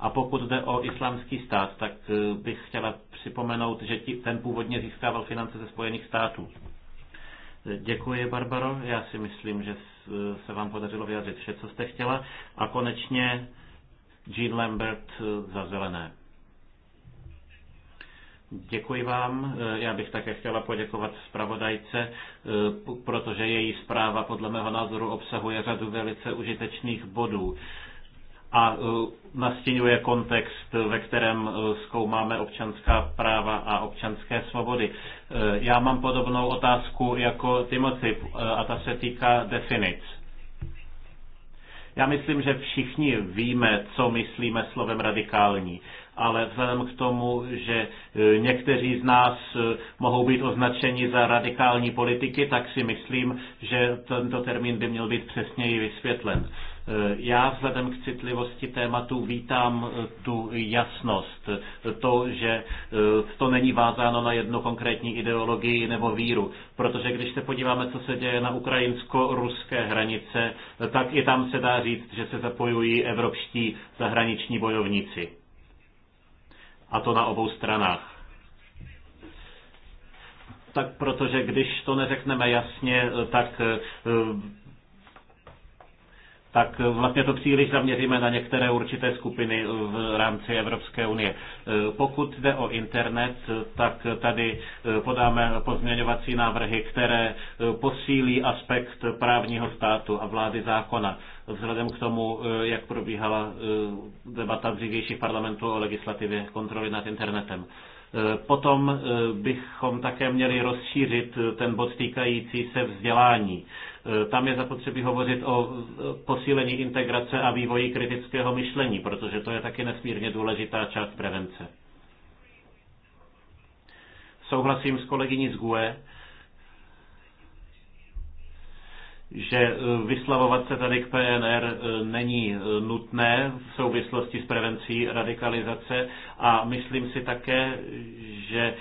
A pokud jde o islámský stát, tak eh, bych chtěla připomenout, že ten původně získával finance ze Spojených států. Děkuji, Barbaro. Já si myslím, že se vám podařilo vyjádřit vše, co jste chtěla. A konečně Jean Lambert eh, za zelené. Děkuji vám. Eh, já bych také chtěla poděkovat zpravodajce, protože její zpráva podle mého názoru obsahuje řadu velice užitečných bodů a e, nastínuje kontext, ve kterém e, zkoumáme občanská práva a občanské svobody. E, já mám podobnou otázku jako Timothy a ta se týká definic. Já myslím, že všichni víme, co myslíme slovem radikální, ale vzhledem k tomu, že někteří z nás mohou být označeni za radikální politiky, tak si myslím, že tento termín by měl být přesněji vysvětlen. Eh, já vzhledem k citlivosti tématu vítám eh, tu jasnost, eh, to, že to není vázáno na jednu konkrétní ideologii nebo víru, protože když se podíváme, co se děje na ukrajinsko-ruské hranice, tak i tam se dá říct, že se zapojují evropští zahraniční bojovníci. A to na obou stranách. Tak protože když to neřekneme jasně, tak tak eh, vlastně to příliš zaměříme na některé určité skupiny eh, v rámci Evropské unie. Eh, pokud jde o internet, tak tady podáme pozměňovací návrhy, které posílí aspekt právního státu a vlády zákona vzhledem k tomu, jak probíhala debata dřívějších parlamentů o legislativě kontroly nad internetem. Potom bychom také měli rozšířit ten bod týkající se vzdělání Eh, tam je zapotřebí hovořit o eh, posílení integrace a vývoji kritického myšlení, protože to je taky nesmírně důležitá část prevence. Souhlasím s kolegyní z GUE, že eh, vyslavovat se tady k PNR není nutné v souvislosti s prevencí radikalizace a myslím si také, že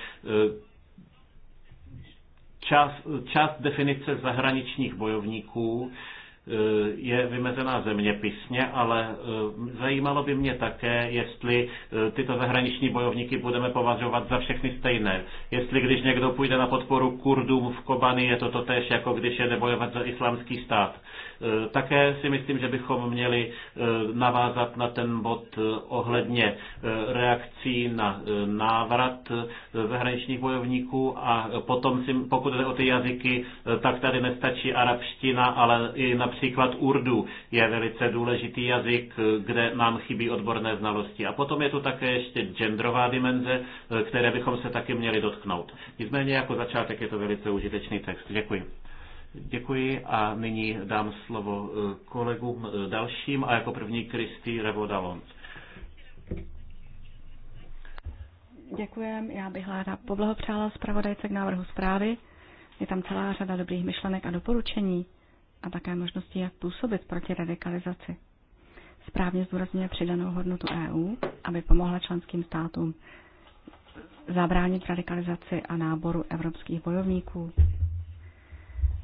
část, část definice zahraničních bojovníků e, je vymezená zeměpisně, ale e, zajímalo by mě také, jestli e, tyto zahraniční bojovníky budeme považovat za všechny stejné. Jestli když někdo půjde na podporu Kurdům v Kobani, je to totéž, jako když jede bojovat za islámský stát. Eh, také si myslím, že bychom měli eh, navázat na ten bod eh, ohledně reakcí na návrat zahraničních bojovníků a potom, si, pokud jde o ty jazyky, tak tady nestačí arabština, ale i například urdu je velice důležitý jazyk, kde nám chybí odborné znalosti. A potom je tu také ještě genderová dimenze, které bychom se taky měli dotknout. Nicméně jako začátek je to velice užitečný text. Děkuji. Děkuji a nyní dám slovo eh, kolegům eh, dalším a jako první Kristý Revodalon. Děkujem, já bych ráda poblahopřála zpravodajce k návrhu zprávy. Je tam celá řada dobrých myšlenek a doporučení a také možností, jak působit proti radikalizaci. Správně zdůrazňuje přidanou hodnotu EU, aby pomohla členským státům zabránit radikalizaci a náboru evropských bojovníků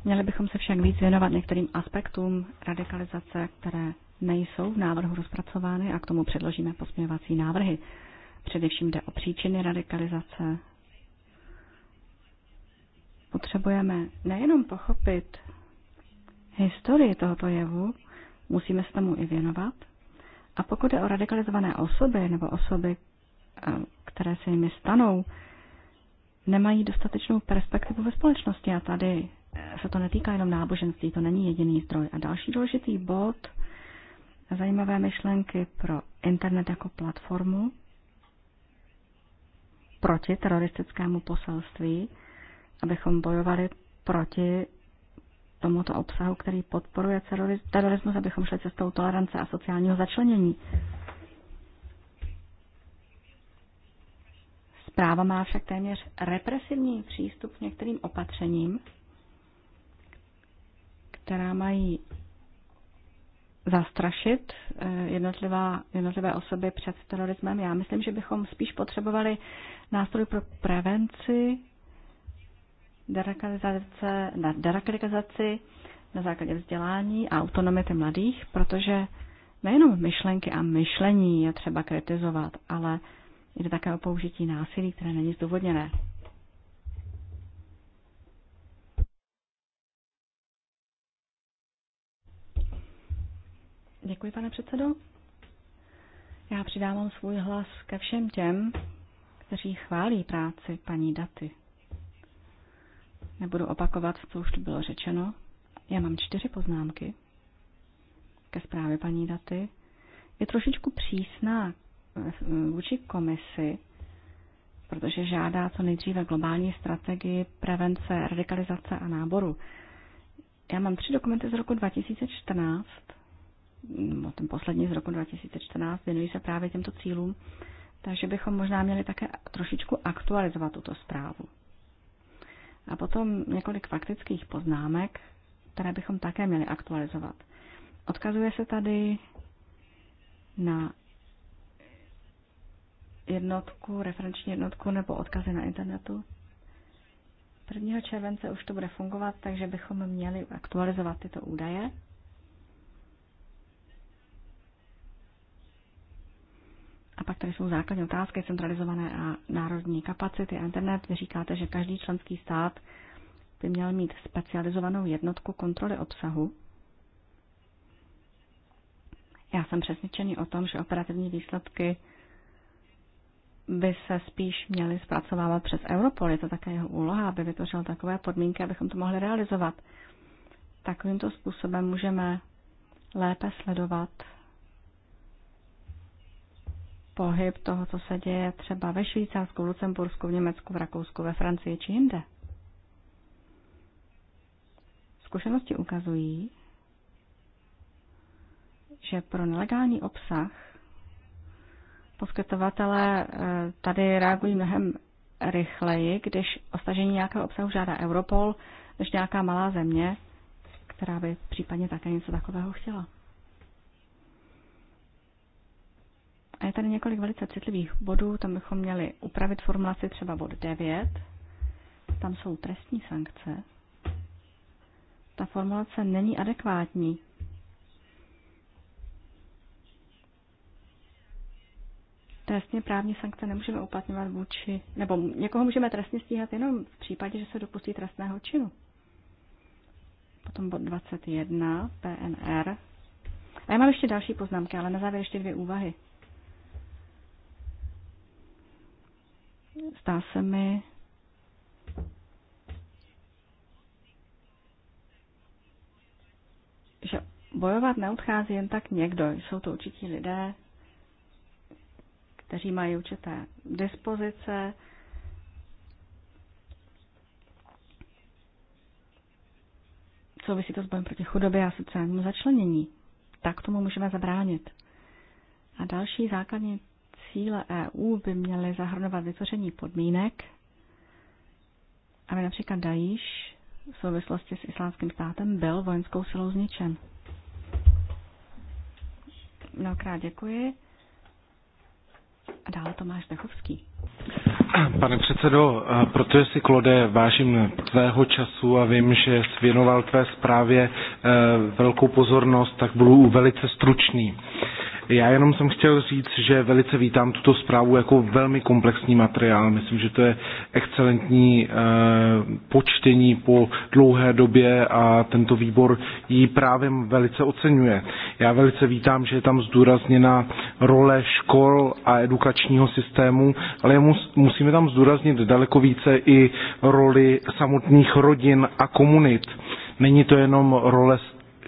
Měli bychom se však víc věnovat některým aspektům radikalizace, které nejsou v návrhu rozpracovány a k tomu předložíme pozměňovací návrhy. Především jde o příčiny radikalizace. Potřebujeme nejenom pochopit historii tohoto jevu, musíme se tomu i věnovat. A pokud je o radikalizované osoby nebo osoby, eh, které se jimi stanou, nemají dostatečnou perspektivu ve společnosti a tady se to netýká jenom náboženství, to není jediný zdroj. A další důležitý bod, zajímavé myšlenky pro internet jako platformu proti teroristickému poselství, abychom bojovali proti tomuto obsahu, který podporuje terorismus, abychom šli cestou tolerance a sociálního začlenění. Zpráva má však téměř represivní přístup k některým opatřením, která mají zastrašit eh, jednotlivá, jednotlivé osoby před terorismem. Já myslím, že bychom spíš potřebovali nástroj pro prevenci, deradikalizace, na deradikalizaci na základě vzdělání a autonomity mladých, protože nejenom myšlenky a myšlení je třeba kritizovat, ale jde také o použití násilí, které není zdůvodněné. Děkuji, pane předsedo. Já přidávám svůj hlas ke všem těm, kteří chválí práci paní Daty. Nebudu opakovat, co už tu bylo řečeno. Já mám čtyři poznámky ke zprávě paní Daty. Je trošičku přísná eh, vůči komisi, protože žádá co nejdříve globální strategii prevence radikalizace a náboru. Já mám tři dokumenty z roku 2014 no, mm, ten poslední z roku 2014, věnují se právě těmto cílům, takže bychom možná měli také trošičku aktualizovat tuto zprávu. A potom několik faktických poznámek, které bychom také měli aktualizovat. Odkazuje se tady na jednotku, referenční jednotku nebo odkazy na internetu. 1. července už to bude fungovat, takže bychom měli aktualizovat tyto údaje. pak tady jsou základní otázky, centralizované a národní kapacity a internet. Vy říkáte, že každý členský stát by měl mít specializovanou jednotku kontroly obsahu. Já jsem přesvědčený o tom, že operativní výsledky by se spíš měly zpracovávat přes Europol. Je to také jeho úloha, aby vytvořil takové podmínky, abychom to mohli realizovat. Takovýmto způsobem můžeme lépe sledovat pohyb toho, co se děje třeba ve Švýcarsku, v Lucembursku, v Německu, v Rakousku, ve Francii či jinde. Zkušenosti ukazují, že pro nelegální obsah poskytovatelé eh, tady reagují mnohem rychleji, když o stažení nějakého obsahu žádá Europol, než nějaká malá země, která by případně také něco takového chtěla. A je tady několik velice citlivých bodů, tam bychom měli upravit formulaci třeba bod 9, tam jsou trestní sankce. Ta formulace není adekvátní. Trestně právní sankce nemůžeme uplatňovat vůči, nebo někoho můžeme trestně stíhat jenom v případě, že se dopustí trestného činu. Potom bod 21, PNR. A já mám ještě další poznámky, ale na závěr ještě dvě úvahy. Zdá se mi, že bojovat neodchází jen tak někdo. Jsou to určití lidé, kteří mají určité dispozice, souvisí to s bojem proti chudobě a sociálnímu začlenění. Tak tomu můžeme zabránit. A další základní cíle EU by měly zahrnovat vytvoření podmínek, aby například Daíš v souvislosti s islámským státem byl vojenskou silou zničen. Mnohokrát děkuji. A dále Tomáš Dechovský. Pane předsedo, protože si, Klode, vážím tvého času a vím, že jsi věnoval tvé zprávě eh, velkou pozornost, tak budu velice stručný. Já jenom jsem chtěl říct, že velice vítám tuto zprávu jako velmi komplexní materiál. Myslím, že to je excelentní eh, počtení po dlouhé době a tento výbor ji právě velice oceňuje. Já velice vítám, že je tam zdůrazněna role škol a edukačního systému, ale musíme tam zdůraznit daleko více i roli samotných rodin a komunit. Není to jenom role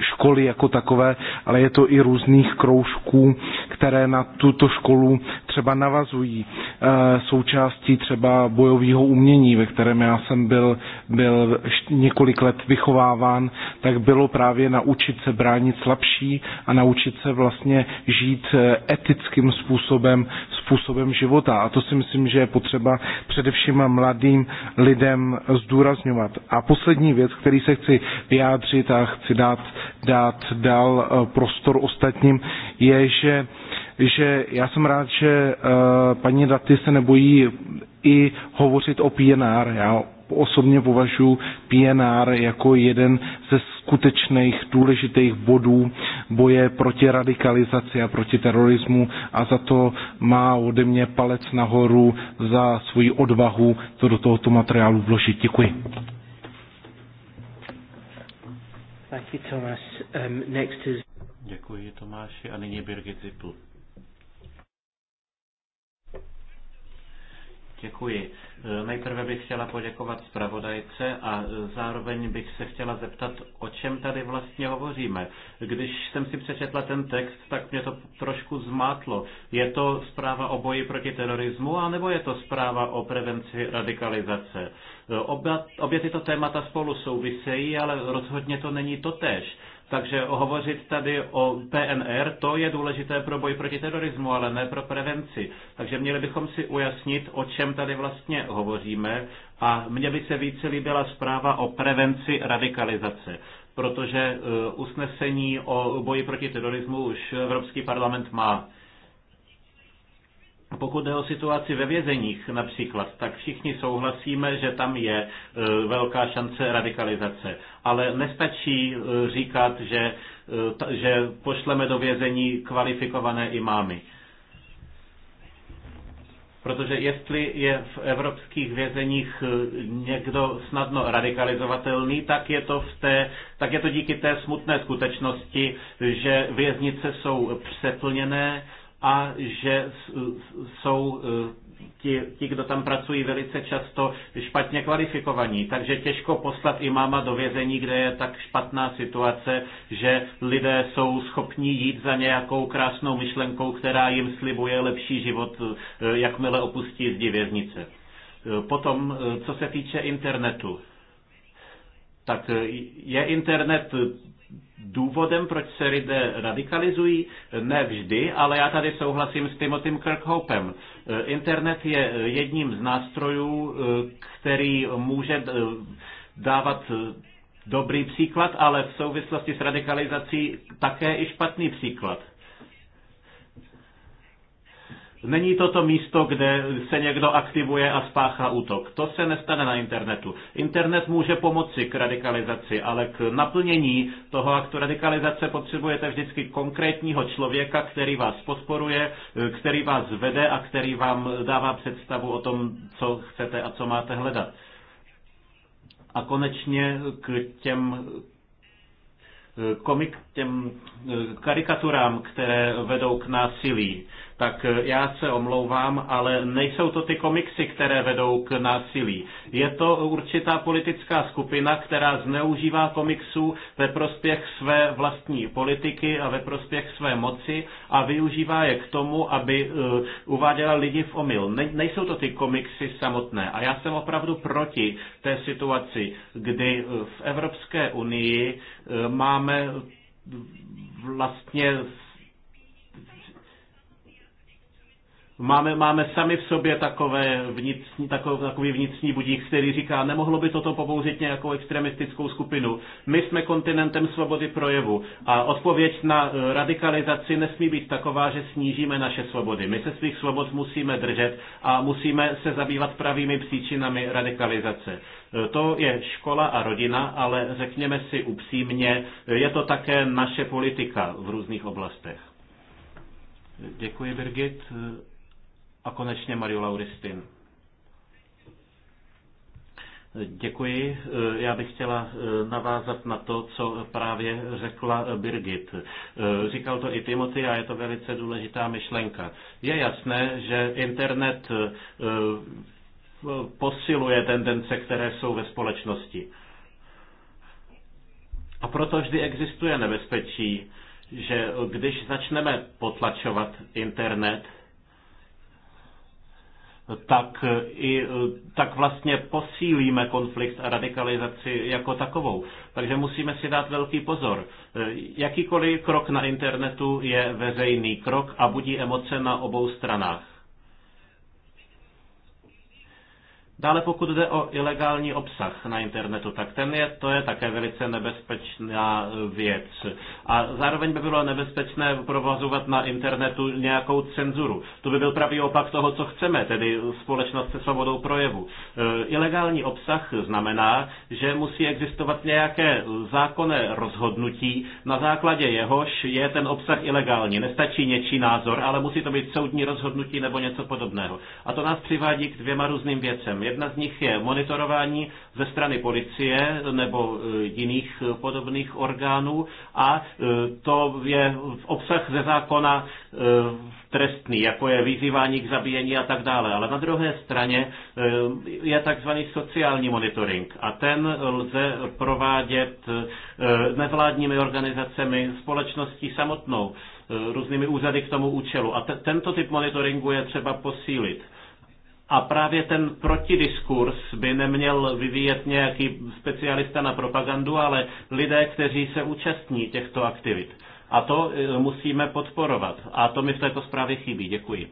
školy jako takové, ale je to i různých kroužků, které na tuto školu třeba navazují eh, součástí třeba bojového umění, ve kterém já jsem byl, byl několik let vychováván, tak bylo právě naučit se bránit slabší a naučit se vlastně žít eh, etickým způsobem, způsobem života. A to si myslím, že je potřeba především mladým lidem zdůrazňovat. A poslední věc, který se chci vyjádřit a chci dát, dát dal eh, prostor ostatním, je, že že já jsem rád, že eh, paní Daty se nebojí i hovořit o PNR. Já osobně považuji PNR jako jeden ze skutečných důležitých bodů boje proti radikalizaci a proti terorismu a za to má ode mě palec nahoru za svoji odvahu to do tohoto materiálu vložit. Děkuji. Um, Děkuji Tomáši a nyní Birgit Zippel. Děkuji. E, nejprve bych chtěla poděkovat zpravodajce a e, zároveň bych se chtěla zeptat, o čem tady vlastně hovoříme. Když jsem si přečetla ten text, tak mě to trošku zmátlo. Je to zpráva o boji proti terorismu, anebo je to zpráva o prevenci radikalizace? E, oba, obě tyto témata spolu souvisejí, ale rozhodně to není to tež. Takže hovořit tady o PNR, to je důležité pro boj proti terorismu, ale ne pro prevenci. Takže měli bychom si ujasnit, o čem tady vlastně hovoříme a mně by se více líbila zpráva o prevenci radikalizace protože eh, usnesení o boji proti terorismu už Evropský parlament má. Pokud jde o situaci ve vězeních například, tak všichni souhlasíme, že tam je e, velká šance radikalizace. Ale nestačí e, říkat, že, e, že pošleme do vězení kvalifikované imámy. Protože jestli je v evropských vězeních někdo snadno radikalizovatelný, tak je to, v té, tak je to díky té smutné skutečnosti, že věznice jsou přeplněné a že jsou e, ti, ti, kdo tam pracují, velice často špatně kvalifikovaní. Takže těžko poslat imáma do vězení, kde je tak špatná situace, že lidé jsou schopni jít za nějakou krásnou myšlenkou, která jim slibuje lepší život, e, jakmile opustí zdi věznice. E, potom, co se týče internetu, tak je internet důvodem, proč se lidé radikalizují? Ne vždy, ale já tady souhlasím s Timothym Kirkhopem. Eh, internet je eh, jedním z nástrojů, eh, který může dávat dobrý příklad, ale v souvislosti s radikalizací také i špatný příklad. Není to to místo, kde se někdo aktivuje a spáchá útok. To se nestane na internetu. Internet může pomoci k radikalizaci, ale k naplnění toho aktu radikalizace potřebujete vždycky konkrétního člověka, který vás podporuje, který vás vede a který vám dává představu o tom, co chcete a co máte hledat. A konečně k těm komik, těm karikaturám, které vedou k násilí tak eh, já se omlouvám, ale nejsou to ty komiksy, které vedou k násilí. Je to určitá politická skupina, která zneužívá komiksů ve prospěch své vlastní politiky a ve prospěch své moci a využívá je k tomu, aby eh, uváděla lidi v omyl. Nejsou to ty komiksy samotné. A já jsem opravdu proti té situaci, kdy eh, v Evropské unii máme vlastně Máme, máme sami v sobě takové vnitřní, takový, takový vnitřní budík, který říká, nemohlo by toto pobouřit nějakou extremistickou skupinu. My jsme kontinentem svobody projevu a odpověď na eh, radikalizaci nesmí být taková, že snížíme naše svobody. My se svých svobod musíme držet a musíme se zabývat pravými příčinami radikalizace. Eh, to je škola a rodina, ale řekněme si upřímně, eh, je to také naše politika v různých oblastech. Děkuji, Birgit a konečně Mario Lauristin. Děkuji. Já bych chtěla eh, navázat na to, co právě řekla Birgit. Eh, říkal to i Timothy a je to velice důležitá myšlenka. Je jasné, že internet eh, posiluje tendence, které jsou ve společnosti. A proto vždy existuje nebezpečí, že když začneme potlačovat internet, tak, eh, i, eh, tak vlastně posílíme konflikt a radikalizaci jako takovou. Takže musíme si dát velký pozor. Eh, jakýkoliv krok na internetu je veřejný krok a budí emoce na obou stranách. Dále pokud jde o ilegální obsah na internetu, tak ten je, to je také velice nebezpečná eh, věc. A zároveň by bylo nebezpečné provozovat na internetu nějakou cenzuru. To by byl pravý opak toho, co chceme, tedy společnost se svobodou projevu. Eh, ilegální obsah znamená, že musí existovat nějaké zákonné rozhodnutí, na základě jehož je ten obsah ilegální. Nestačí něčí názor, ale musí to být soudní rozhodnutí nebo něco podobného. A to nás přivádí k dvěma různým věcem Jedna z nich je monitorování ze strany policie nebo e, jiných e, podobných orgánů a e, to je v obsah ze zákona trestný, jako je vyzývání k zabíjení a tak dále. Ale na druhé straně je takzvaný sociální monitoring a ten lze provádět nevládními organizacemi, společností samotnou, různými úřady k tomu účelu. A tento typ monitoringu je třeba posílit. A právě ten protidiskurs by neměl vyvíjet nějaký specialista na propagandu, ale lidé, kteří se účastní těchto aktivit. A to e, musíme podporovat. A to mi v této zprávě chybí. Děkuji.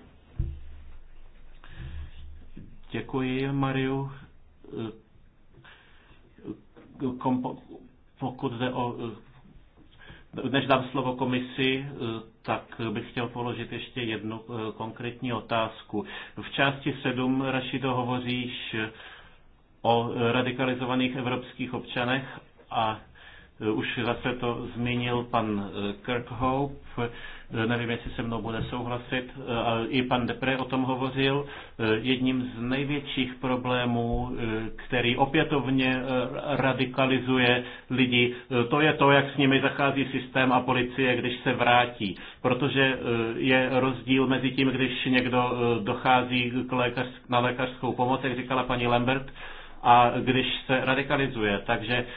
Děkuji, Mariu. E, kompo- pokud jde o e, než dám slovo komisi, eh, tak bych chtěl položit ještě jednu eh, konkrétní otázku. V části 7, Rašido, hovoříš eh, o radikalizovaných evropských občanech a už zase to zmínil pan Kirkhope. Eh, nevím, jestli se mnou bude souhlasit, eh, ale i pan Depre o tom hovořil, eh, jedním z největších problémů, který opětovně radikalizuje lidi, to je to, jak s nimi zachází systém a policie, když se vrátí. Protože je rozdíl mezi tím, když někdo dochází k lékař, na lékařskou pomoc, jak říkala paní Lambert, a když se radikalizuje. Takže eh,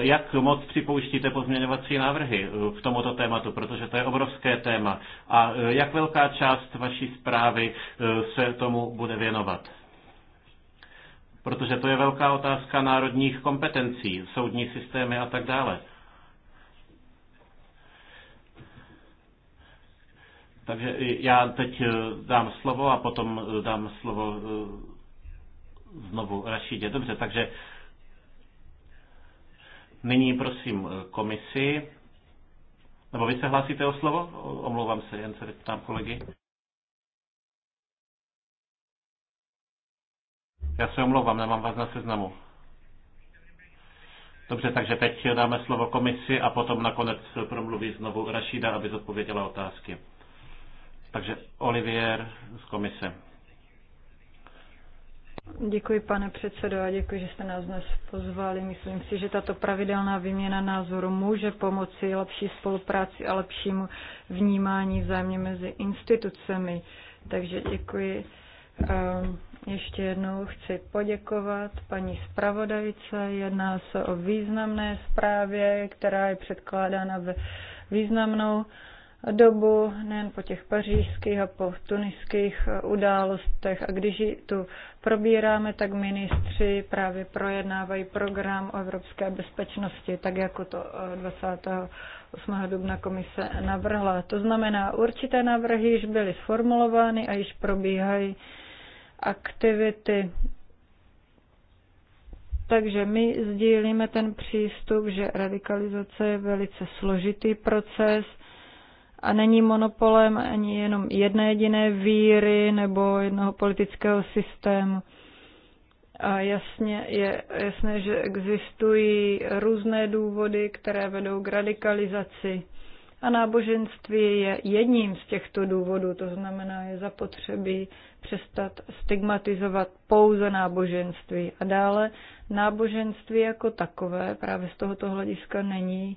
jak moc připouštíte pozměňovací návrhy eh, k tomuto tématu, protože to je obrovské téma. A eh, jak velká část vaší zprávy se tomu bude věnovat? Protože to je velká otázka národních kompetencí, soudní systémy a tak dále. Takže já teď dám slovo a potom dám slovo znovu Rašidě. Dobře, takže nyní prosím komisi. Nebo vy se hlásíte o slovo? Omlouvám se, jen se ptám kolegy. Já se omlouvám, nemám vás na seznamu. Dobře, takže teď dáme slovo komisi a potom nakonec promluví znovu Rašída, aby zodpověděla otázky. Takže Olivier z komise. Děkuji, pane předsedo, a děkuji, že jste nás dnes pozvali. Myslím si, že tato pravidelná výměna názoru může pomoci lepší spolupráci a lepšímu vnímání vzájemně mezi institucemi. Takže děkuji. Ehm, ještě jednou chci poděkovat paní zpravodavice. Jedná se o významné zprávě, která je předkládána ve významnou dobu, nejen po těch pařížských a po tuniských událostech. A když ji tu probíráme, tak ministři právě projednávají program o evropské bezpečnosti, tak jako to 28. Eh, dubna komise navrhla. To znamená, určité návrhy již byly sformulovány a již probíhají aktivity. Takže my sdílíme ten přístup, že radikalizace je velice složitý proces, a není monopolem ani jenom jedné jediné víry nebo jednoho politického systému. A jasně, je jasné, že existují různé důvody, které vedou k radikalizaci. A náboženství je jedním z těchto důvodů, to znamená, je zapotřebí přestat stigmatizovat pouze náboženství. A dále náboženství jako takové právě z tohoto hlediska není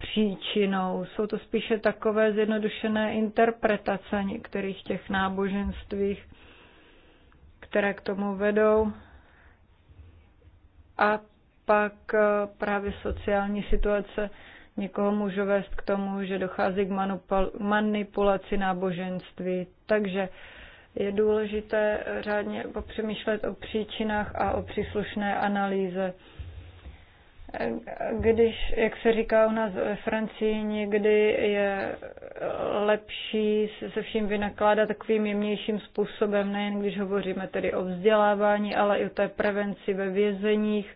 příčinou. Jsou to spíše takové zjednodušené interpretace některých těch náboženstvích, které k tomu vedou. A pak eh, právě sociální situace někoho může vést k tomu, že dochází k manipulaci náboženství. Takže je důležité řádně popřemýšlet o příčinách a o příslušné analýze. Když, jak se říká u nás ve Francii, někdy je lepší se vším vynakládat takovým jemnějším způsobem, nejen když hovoříme tedy o vzdělávání, ale i o té prevenci ve vězeních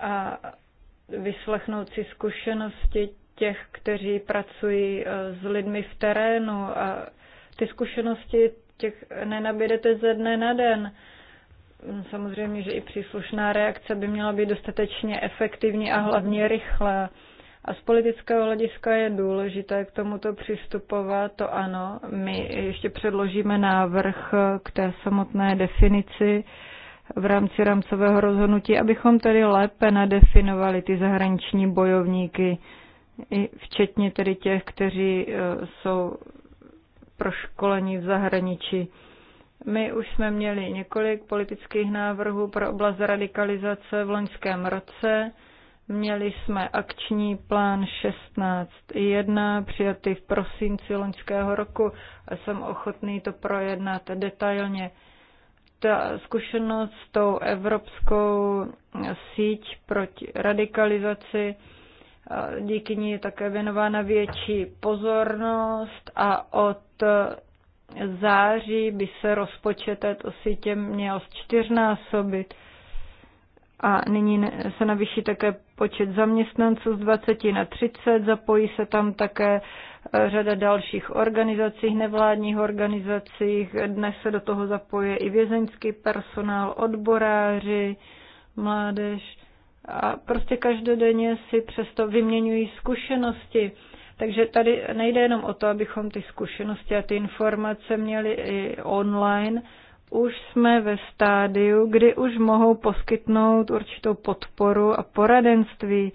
a vyslechnout si zkušenosti těch, kteří pracují eh, s lidmi v terénu a ty zkušenosti těch nenabídete ze dne na den samozřejmě, že i příslušná reakce by měla být dostatečně efektivní a hlavně rychlá. A z politického hlediska je důležité k tomuto přistupovat, to ano. My ještě předložíme návrh k té samotné definici v rámci rámcového rozhodnutí, abychom tedy lépe nadefinovali ty zahraniční bojovníky, včetně tedy těch, kteří e, jsou proškoleni v zahraničí. My už jsme měli několik politických návrhů pro oblast radikalizace v loňském roce. Měli jsme akční plán 16.1, přijatý v prosinci loňského roku a jsem ochotný to projednat detailně. Ta zkušenost s tou evropskou síť proti radikalizaci, díky ní je také věnována větší pozornost a od září by se rozpočet této sítě měl čtyřnásobit a nyní se navýší také počet zaměstnanců z 20 na 30, zapojí se tam také e, řada dalších organizací, nevládních organizací, dnes se do toho zapoje i vězeňský personál, odboráři, mládež a prostě každodenně si přesto vyměňují zkušenosti. Takže tady nejde jenom o to, abychom ty zkušenosti a ty informace měli i online. Už jsme ve stádiu, kdy už mohou poskytnout určitou podporu a poradenství.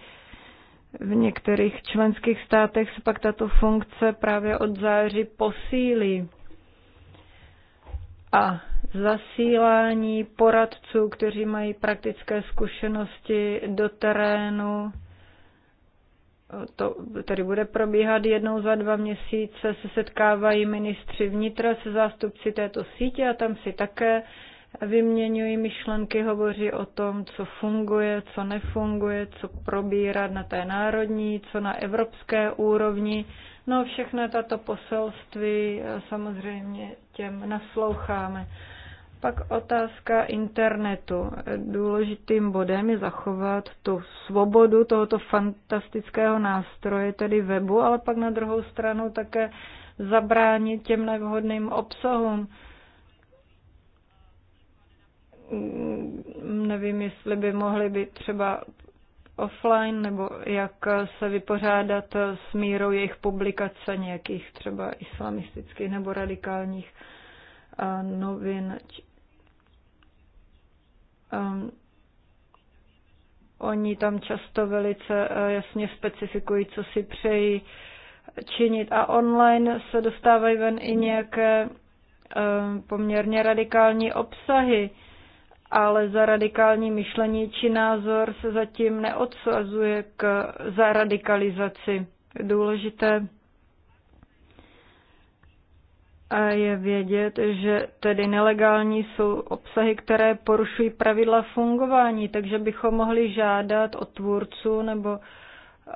V některých členských státech se pak tato funkce právě od září posílí. A zasílání poradců, kteří mají praktické zkušenosti do terénu, to tady bude probíhat jednou za dva měsíce, se setkávají ministři vnitra se zástupci této sítě a tam si také vyměňují myšlenky, hovoří o tom, co funguje, co nefunguje, co probírat na té národní, co na evropské úrovni. No všechna tato poselství eh, samozřejmě těm nasloucháme. Pak otázka internetu. Důležitým bodem je zachovat tu svobodu tohoto fantastického nástroje, tedy webu, ale pak na druhou stranu také zabránit těm nevhodným obsahům. Nevím, jestli by mohly být třeba offline, nebo jak se vypořádat s mírou jejich publikace nějakých třeba islamistických nebo radikálních eh, novin Um, oni tam často velice eh, jasně specifikují, co si přejí činit. A online se dostávají ven i nějaké ehm, poměrně radikální obsahy, ale za radikální myšlení či názor se zatím neodsazuje k zaradikalizaci. Důležité a je vědět, že tedy nelegální jsou obsahy, které porušují pravidla fungování, takže bychom mohli žádat od tvůrců nebo eh,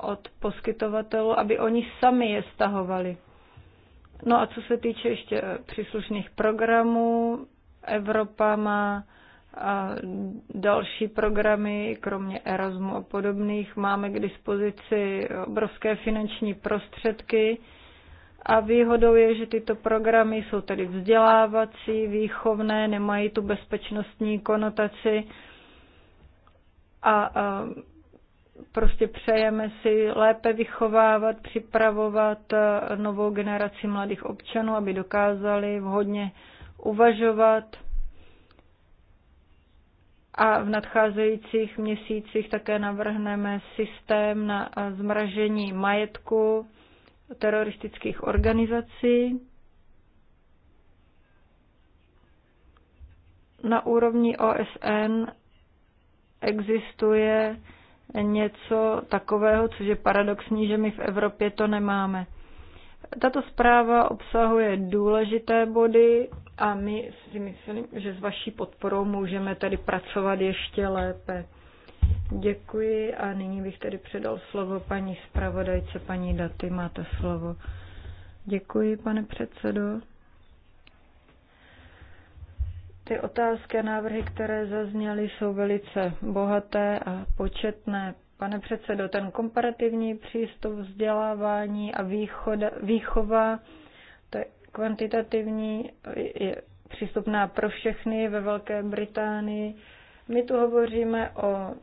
od poskytovatelů, aby oni sami je stahovali. No a co se týče ještě eh, příslušných programů, Evropa má a eh, další programy, kromě Erasmu a podobných, máme k dispozici obrovské finanční prostředky, a výhodou je, že tyto programy jsou tedy vzdělávací, výchovné, nemají tu bezpečnostní konotaci a, a prostě přejeme si lépe vychovávat, připravovat novou generaci mladých občanů, aby dokázali vhodně uvažovat a v nadcházejících měsících také navrhneme systém na zmražení majetku, teroristických organizací na úrovni OSN existuje něco takového, což je paradoxní, že my v Evropě to nemáme. Tato zpráva obsahuje důležité body a my si myslím, že s vaší podporou můžeme tady pracovat ještě lépe. Děkuji a nyní bych tedy předal slovo paní zpravodajce, paní Daty, máte slovo. Děkuji, pane předsedo. Ty otázky a návrhy, které zazněly, jsou velice bohaté a početné. Pane předsedo, ten komparativní přístup vzdělávání a východa, výchova, to je kvantitativní, je přístupná pro všechny ve Velké Británii. My tu hovoříme o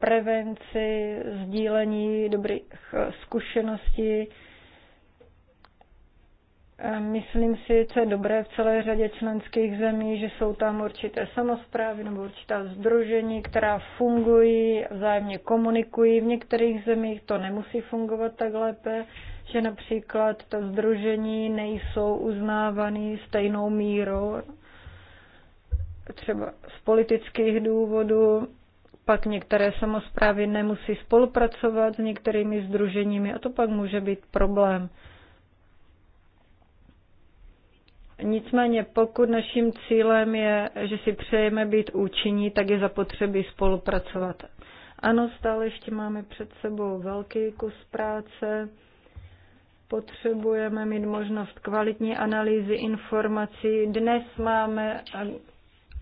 prevenci, sdílení dobrých zkušeností. Myslím si, co je dobré v celé řadě členských zemí, že jsou tam určité samozprávy nebo určitá združení, která fungují, vzájemně komunikují. V některých zemích to nemusí fungovat tak lépe, že například ta združení nejsou uznávaný stejnou mírou, třeba z politických důvodů pak některé samozprávy nemusí spolupracovat s některými združeními a to pak může být problém. Nicméně pokud naším cílem je, že si přejeme být účinní, tak je zapotřebí spolupracovat. Ano, stále ještě máme před sebou velký kus práce. Potřebujeme mít možnost kvalitní analýzy informací. Dnes máme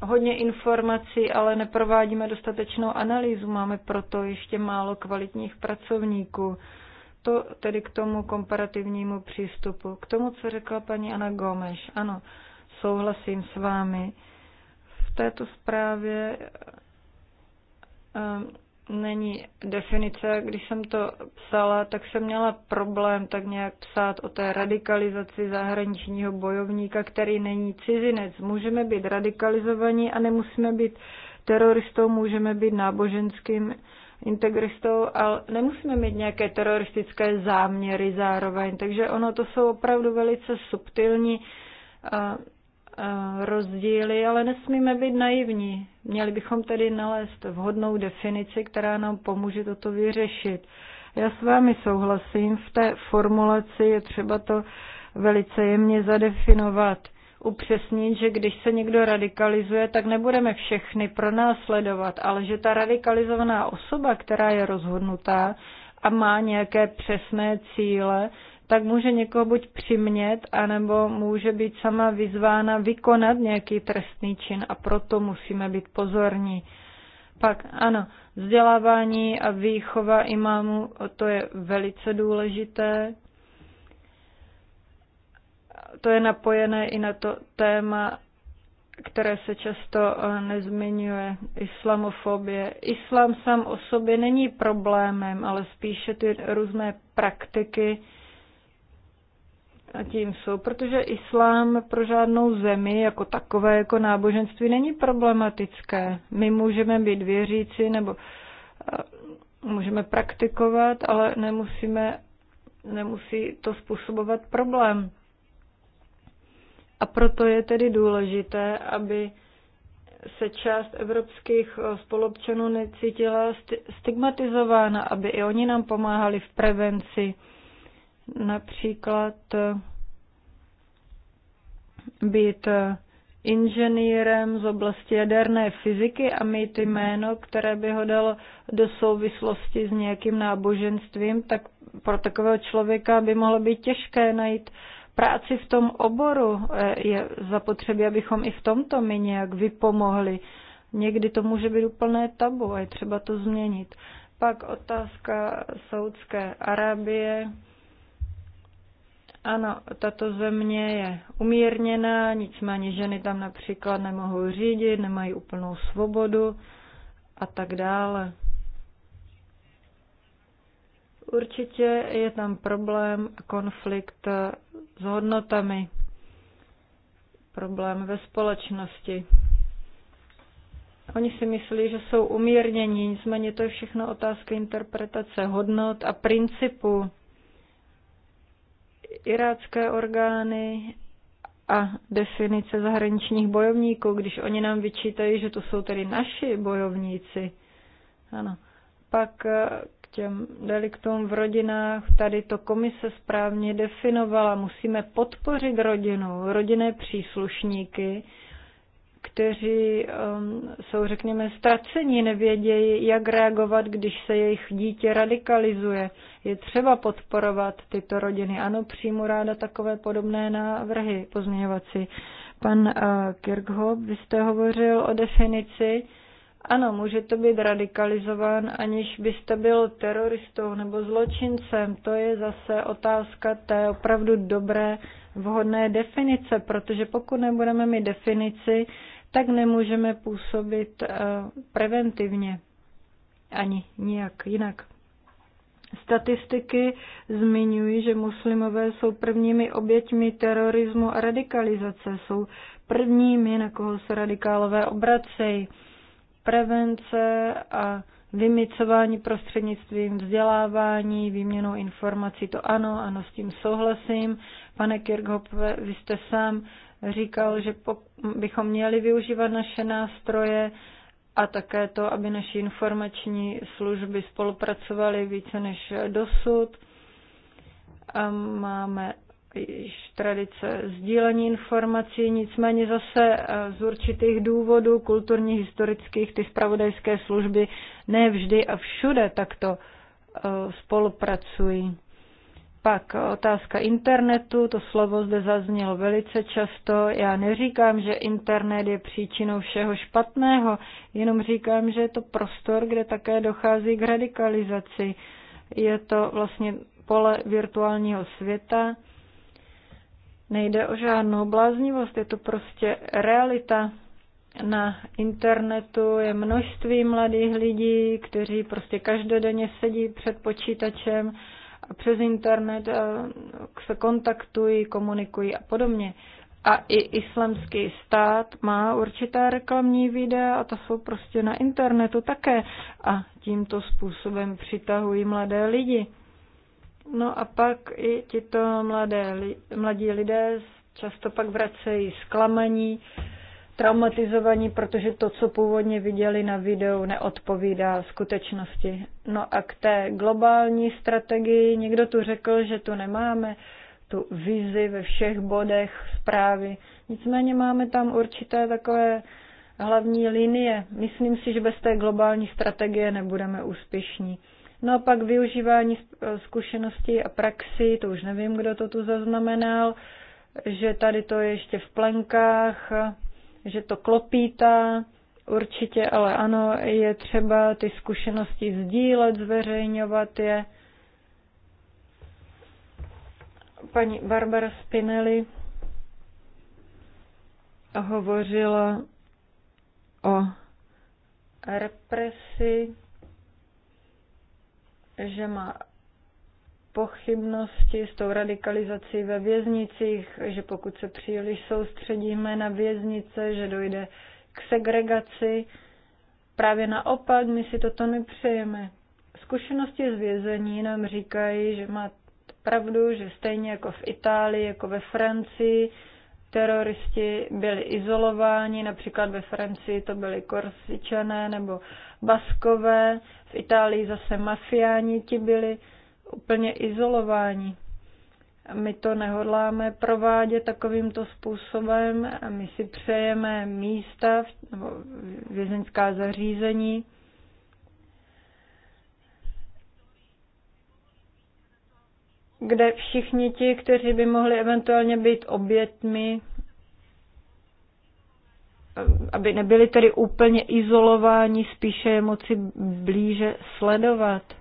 hodně informací, ale neprovádíme dostatečnou analýzu. Máme proto ještě málo kvalitních pracovníků. To tedy k tomu komparativnímu přístupu. K tomu, co řekla paní Ana Gomeš. Ano, souhlasím s vámi. V této zprávě eh, není definice. Když jsem to psala, tak jsem měla problém tak nějak psát o té radikalizaci zahraničního bojovníka, který není cizinec. Můžeme být radikalizovaní a nemusíme být teroristou, můžeme být náboženským integristou, ale nemusíme mít nějaké teroristické záměry zároveň. Takže ono to jsou opravdu velice subtilní Eh, rozdíly, ale nesmíme být naivní. Měli bychom tedy nalézt vhodnou definici, která nám pomůže toto vyřešit. Já s vámi souhlasím, v té formulaci je třeba to velice jemně zadefinovat, upřesnit, že když se někdo radikalizuje, tak nebudeme všechny pronásledovat, ale že ta radikalizovaná osoba, která je rozhodnutá a má nějaké přesné cíle, tak může někoho buď přimět, anebo může být sama vyzvána vykonat nějaký trestný čin a proto musíme být pozorní. Pak ano, vzdělávání a výchova imámu, to je velice důležité. To je napojené i na to téma, které se často eh, nezmiňuje, islamofobie. Islám sám o sobě není problémem, ale spíše ty různé praktiky, a tím jsou, protože islám pro žádnou zemi jako takové, jako náboženství není problematické. My můžeme být věříci nebo eh, můžeme praktikovat, ale nemusíme, nemusí to způsobovat problém. A proto je tedy důležité, aby se část evropských eh, spolupčanů necítila stigmatizována, aby i oni nám pomáhali v prevenci například být inženýrem z oblasti jaderné fyziky a mít jméno, které by ho dalo do souvislosti s nějakým náboženstvím, tak pro takového člověka by mohlo být těžké najít práci v tom oboru. E, je zapotřebí, abychom i v tomto my nějak vypomohli. Někdy to může být úplné tabu a je třeba to změnit. Pak otázka Saudské Arábie ano, tato země je umírněná, nicméně ženy tam například nemohou řídit, nemají úplnou svobodu a tak dále. Určitě je tam problém a konflikt s hodnotami, problém ve společnosti. Oni si myslí, že jsou umírnění, nicméně to je všechno otázka interpretace hodnot a principů irácké orgány a definice zahraničních bojovníků, když oni nám vyčítají, že to jsou tedy naši bojovníci. Ano. Pak eh, k těm deliktům v rodinách, tady to komise správně definovala, musíme podpořit rodinu, rodinné příslušníky, kteří um, jsou, řekněme, ztraceni, nevědějí, jak reagovat, když se jejich dítě radikalizuje. Je třeba podporovat tyto rodiny. Ano, přímo ráda takové podobné návrhy pozměňovací. Pan uh, Kirchhoff, vy jste hovořil o definici. Ano, může to být radikalizován, aniž byste byl teroristou nebo zločincem. To je zase otázka té opravdu dobré, vhodné definice, protože pokud nebudeme mít definici, tak nemůžeme působit eh, preventivně ani nijak jinak. Statistiky zmiňují, že muslimové jsou prvními oběťmi terorismu a radikalizace, jsou prvními, na koho se radikálové obracejí. Prevence a vymicování prostřednictvím vzdělávání, výměnou informací, to ano, ano, s tím souhlasím. Pane Kirchhoff, vy jste sám říkal, že bychom měli využívat naše nástroje a také to, aby naše informační služby spolupracovaly více než dosud. A máme již tradice sdílení informací, nicméně zase eh, z určitých důvodů kulturních, historických, ty spravodajské služby ne vždy a všude takto eh, spolupracují. Pak otázka internetu, to slovo zde zaznělo velice často. Já neříkám, že internet je příčinou všeho špatného, jenom říkám, že je to prostor, kde také dochází k radikalizaci. Je to vlastně pole virtuálního světa. Nejde o žádnou bláznivost, je to prostě realita. Na internetu je množství mladých lidí, kteří prostě každodenně sedí před počítačem přes internet eh, se kontaktují, komunikují a podobně. A i islamský stát má určitá reklamní videa a to jsou prostě na internetu také. A tímto způsobem přitahují mladé lidi. No a pak i tito mladé, mladí lidé často pak vracejí zklamaní, traumatizovaní, protože to, co původně viděli na videu, neodpovídá skutečnosti. No a k té globální strategii někdo tu řekl, že tu nemáme tu vizi ve všech bodech zprávy. Nicméně máme tam určité takové hlavní linie. Myslím si, že bez té globální strategie nebudeme úspěšní. No a pak využívání zkušeností a praxi, to už nevím, kdo to tu zaznamenal, že tady to je ještě v plenkách, že to klopítá, určitě, ale ano, je třeba ty zkušenosti sdílet, zveřejňovat je. Paní Barbara Spinelli hovořila o represi, že má pochybnosti s tou radikalizací ve věznicích, že pokud se příliš soustředíme na věznice, že dojde k segregaci. Právě naopak, my si toto nepřejeme. Zkušenosti z vězení nám říkají, že má pravdu, že stejně jako v Itálii, jako ve Francii, teroristi byli izolováni, například ve Francii to byli Korsičané nebo Baskové, v Itálii zase mafiáni ti byli úplně izolováni. My to nehodláme provádět takovýmto způsobem. My si přejeme místa nebo vězeňská zařízení, kde všichni ti, kteří by mohli eventuálně být obětmi, aby nebyli tedy úplně izolováni, spíše je moci blíže sledovat.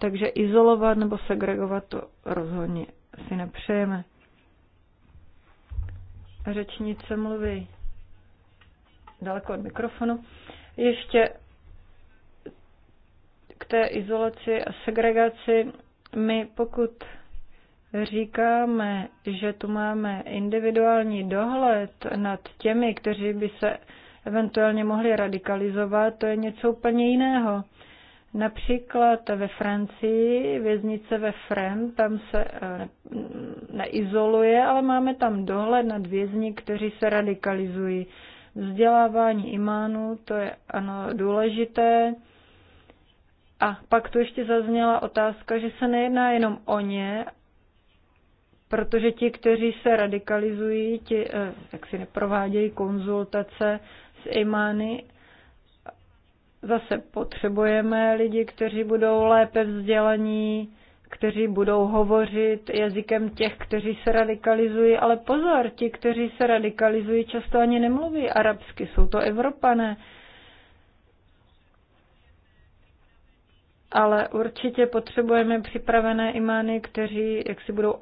Takže izolovat nebo segregovat to rozhodně si nepřejeme. Řečnice mluví daleko od mikrofonu. Ještě k té izolaci a segregaci my pokud říkáme, že tu máme individuální dohled nad těmi, kteří by se eventuálně mohli radikalizovat, to je něco úplně jiného. Například ve Francii, věznice ve Frem, tam se eh, neizoluje, ale máme tam dohled nad vězni, kteří se radikalizují. Vzdělávání imánů, to je ano důležité. A pak tu ještě zazněla otázka, že se nejedná jenom o ně, protože ti, kteří se radikalizují, ti eh, jak si neprovádějí konzultace s imány, Zase potřebujeme lidi, kteří budou lépe vzdělaní, kteří budou hovořit jazykem těch, kteří se radikalizují, ale pozor, ti, kteří se radikalizují, často ani nemluví arabsky, jsou to Evropané. Ale určitě potřebujeme připravené imány, kteří jak si budou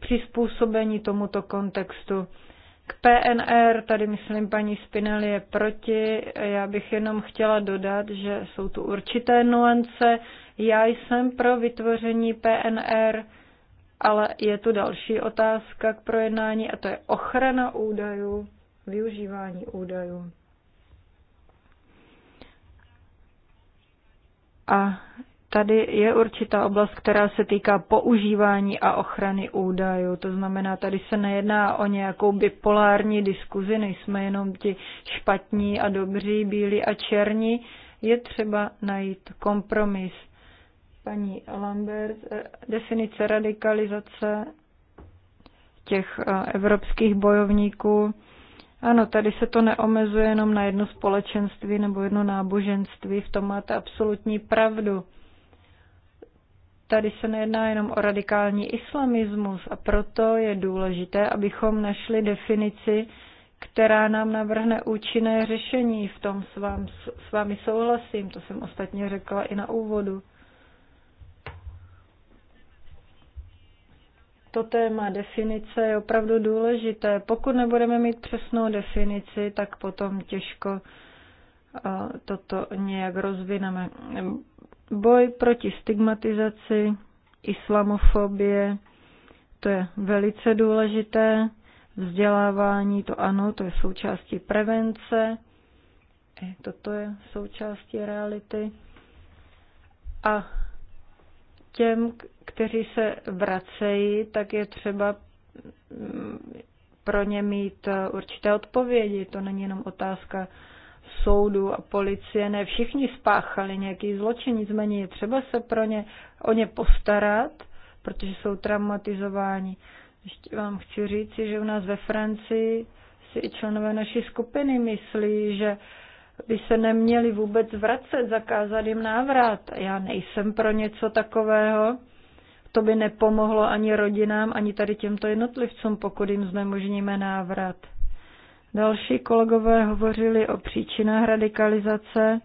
přizpůsobeni tomuto kontextu. K PNR, tady myslím, paní Spinelli je proti. Já bych jenom chtěla dodat, že jsou tu určité nuance. Já jsem pro vytvoření PNR, ale je tu další otázka k projednání a to je ochrana údajů, využívání údajů. A tady je určitá oblast, která se týká používání a ochrany údajů. To znamená, tady se nejedná o nějakou bipolární diskuzi, nejsme jenom ti špatní a dobří, bílí a černí. Je třeba najít kompromis. Paní Lambert, eh, definice radikalizace těch eh, evropských bojovníků. Ano, tady se to neomezuje jenom na jedno společenství nebo jedno náboženství, v tom máte absolutní pravdu tady se nejedná jenom o radikální islamismus a proto je důležité, abychom našli definici, která nám navrhne účinné řešení. V tom s, vám, s vámi souhlasím, to jsem ostatně řekla i na úvodu. To téma definice je opravdu důležité. Pokud nebudeme mít přesnou definici, tak potom těžko eh, toto nějak rozvineme. Boj proti stigmatizaci, islamofobie, to je velice důležité. Vzdělávání, to ano, to je součástí prevence. Toto je součástí reality. A těm, kteří se vracejí, tak je třeba mm, pro ně mít eh, určité odpovědi. To není jenom otázka soudu a policie, ne všichni spáchali nějaký zločin, nicméně je třeba se pro ně, o ně postarat, protože jsou traumatizováni. Ještě vám chci říct, že u nás ve Francii si i členové naší skupiny myslí, že by se neměli vůbec vracet, zakázat jim návrat. Já nejsem pro něco takového. To by nepomohlo ani rodinám, ani tady těmto jednotlivcům, pokud jim znemožníme návrat. Další kolegové hovořili o příčinách radikalizace.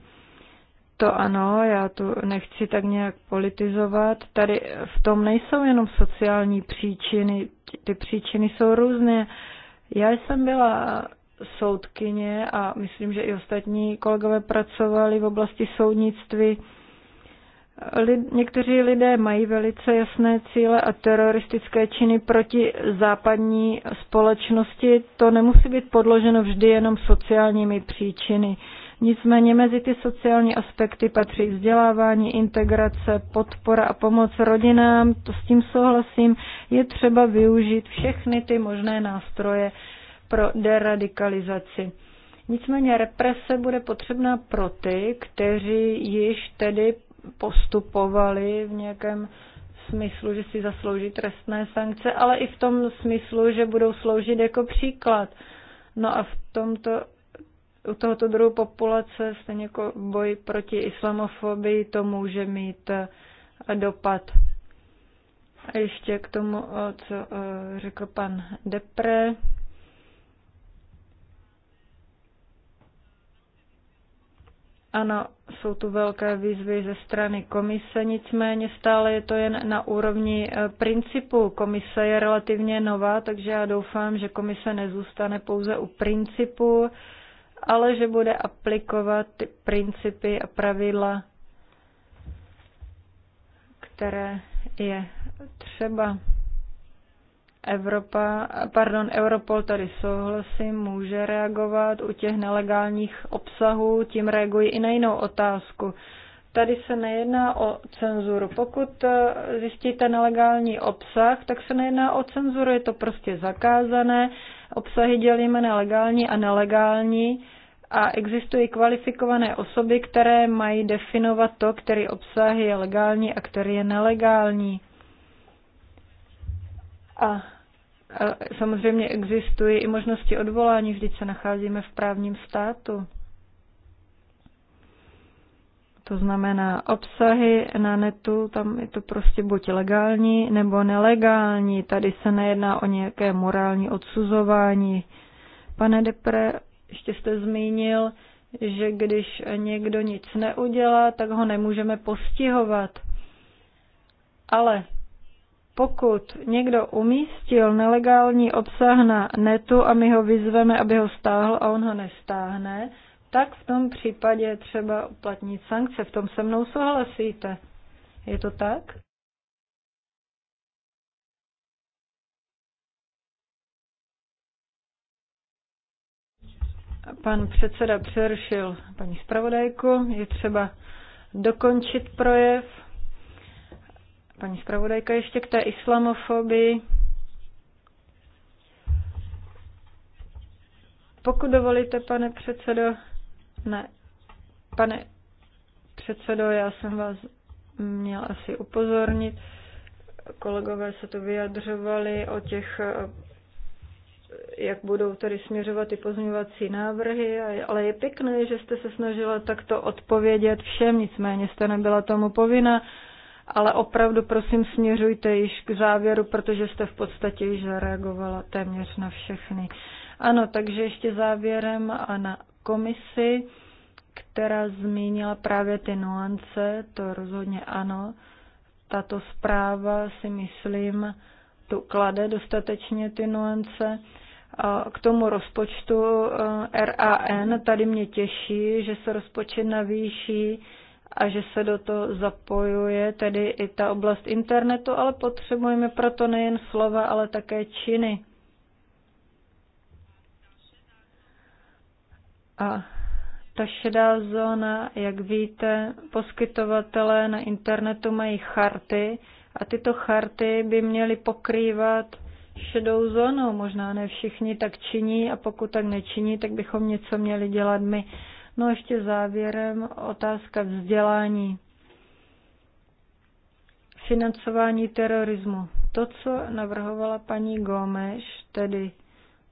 To ano, já tu nechci tak nějak politizovat. Tady v tom nejsou jenom sociální příčiny, ty příčiny jsou různé. Já jsem byla soudkyně a myslím, že i ostatní kolegové pracovali v oblasti soudnictví Lid, někteří lidé mají velice jasné cíle a teroristické činy proti západní společnosti. To nemusí být podloženo vždy jenom sociálními příčiny. Nicméně mezi ty sociální aspekty patří vzdělávání, integrace, podpora a pomoc rodinám. To s tím souhlasím. Je třeba využít všechny ty možné nástroje pro deradikalizaci. Nicméně represe bude potřebná pro ty, kteří již tedy postupovali v nějakém smyslu, že si zaslouží trestné sankce, ale i v tom smyslu, že budou sloužit jako příklad. No a v tomto u tohoto druhu populace, stejně jako boj proti islamofobii, to může mít eh, dopad. A ještě k tomu, eh, co eh, řekl pan Depre, Ano, jsou tu velké výzvy ze strany komise, nicméně stále je to jen na úrovni e, principu. Komise je relativně nová, takže já doufám, že komise nezůstane pouze u principu, ale že bude aplikovat ty principy a pravidla, které je třeba. Evropa, pardon, Europol tady souhlasím, může reagovat u těch nelegálních obsahů, tím reaguji i na jinou otázku. Tady se nejedná o cenzuru. Pokud eh, zjistíte nelegální obsah, tak se nejedná o cenzuru, je to prostě zakázané. Obsahy dělíme na legální a nelegální a existují kvalifikované osoby, které mají definovat to, který obsah je legální a který je nelegální. A samozřejmě existují i možnosti odvolání, vždyť se nacházíme v právním státu. To znamená obsahy na netu, tam je to prostě buď legální nebo nelegální. Tady se nejedná o nějaké morální odsuzování. Pane Depre, ještě jste zmínil, že když někdo nic neudělá, tak ho nemůžeme postihovat. Ale pokud někdo umístil nelegální obsah na netu a my ho vyzveme, aby ho stáhl a on ho nestáhne, tak v tom případě třeba uplatnit sankce. V tom se mnou souhlasíte. Je to tak? Pan předseda přerušil paní zpravodajku. Je třeba dokončit projev. Paní zpravodajka, ještě k té islamofobii. Pokud dovolíte, pane předsedo, ne, pane předsedo, já jsem vás měl asi upozornit. Kolegové se tu vyjadřovali o těch, jak budou tady směřovat i pozměňovací návrhy, ale je pěkné, že jste se snažila takto odpovědět všem, nicméně jste nebyla tomu povinna ale opravdu prosím směřujte již k závěru, protože jste v podstatě již zareagovala téměř na všechny. Ano, takže ještě závěrem a na komisi, která zmínila právě ty nuance, to rozhodně ano. Tato zpráva si myslím, tu klade dostatečně ty nuance. K tomu rozpočtu eh, RAN, tady mě těší, že se rozpočet navýší a že se do toho zapojuje tedy i ta oblast internetu, ale potřebujeme proto nejen slova, ale také činy. A ta šedá zóna, jak víte, poskytovatelé na internetu mají charty a tyto charty by měly pokrývat šedou zónou. Možná ne všichni tak činí a pokud tak nečiní, tak bychom něco měli dělat my. No ještě závěrem otázka vzdělání. Financování terorismu. To, co navrhovala paní Gomeš, tedy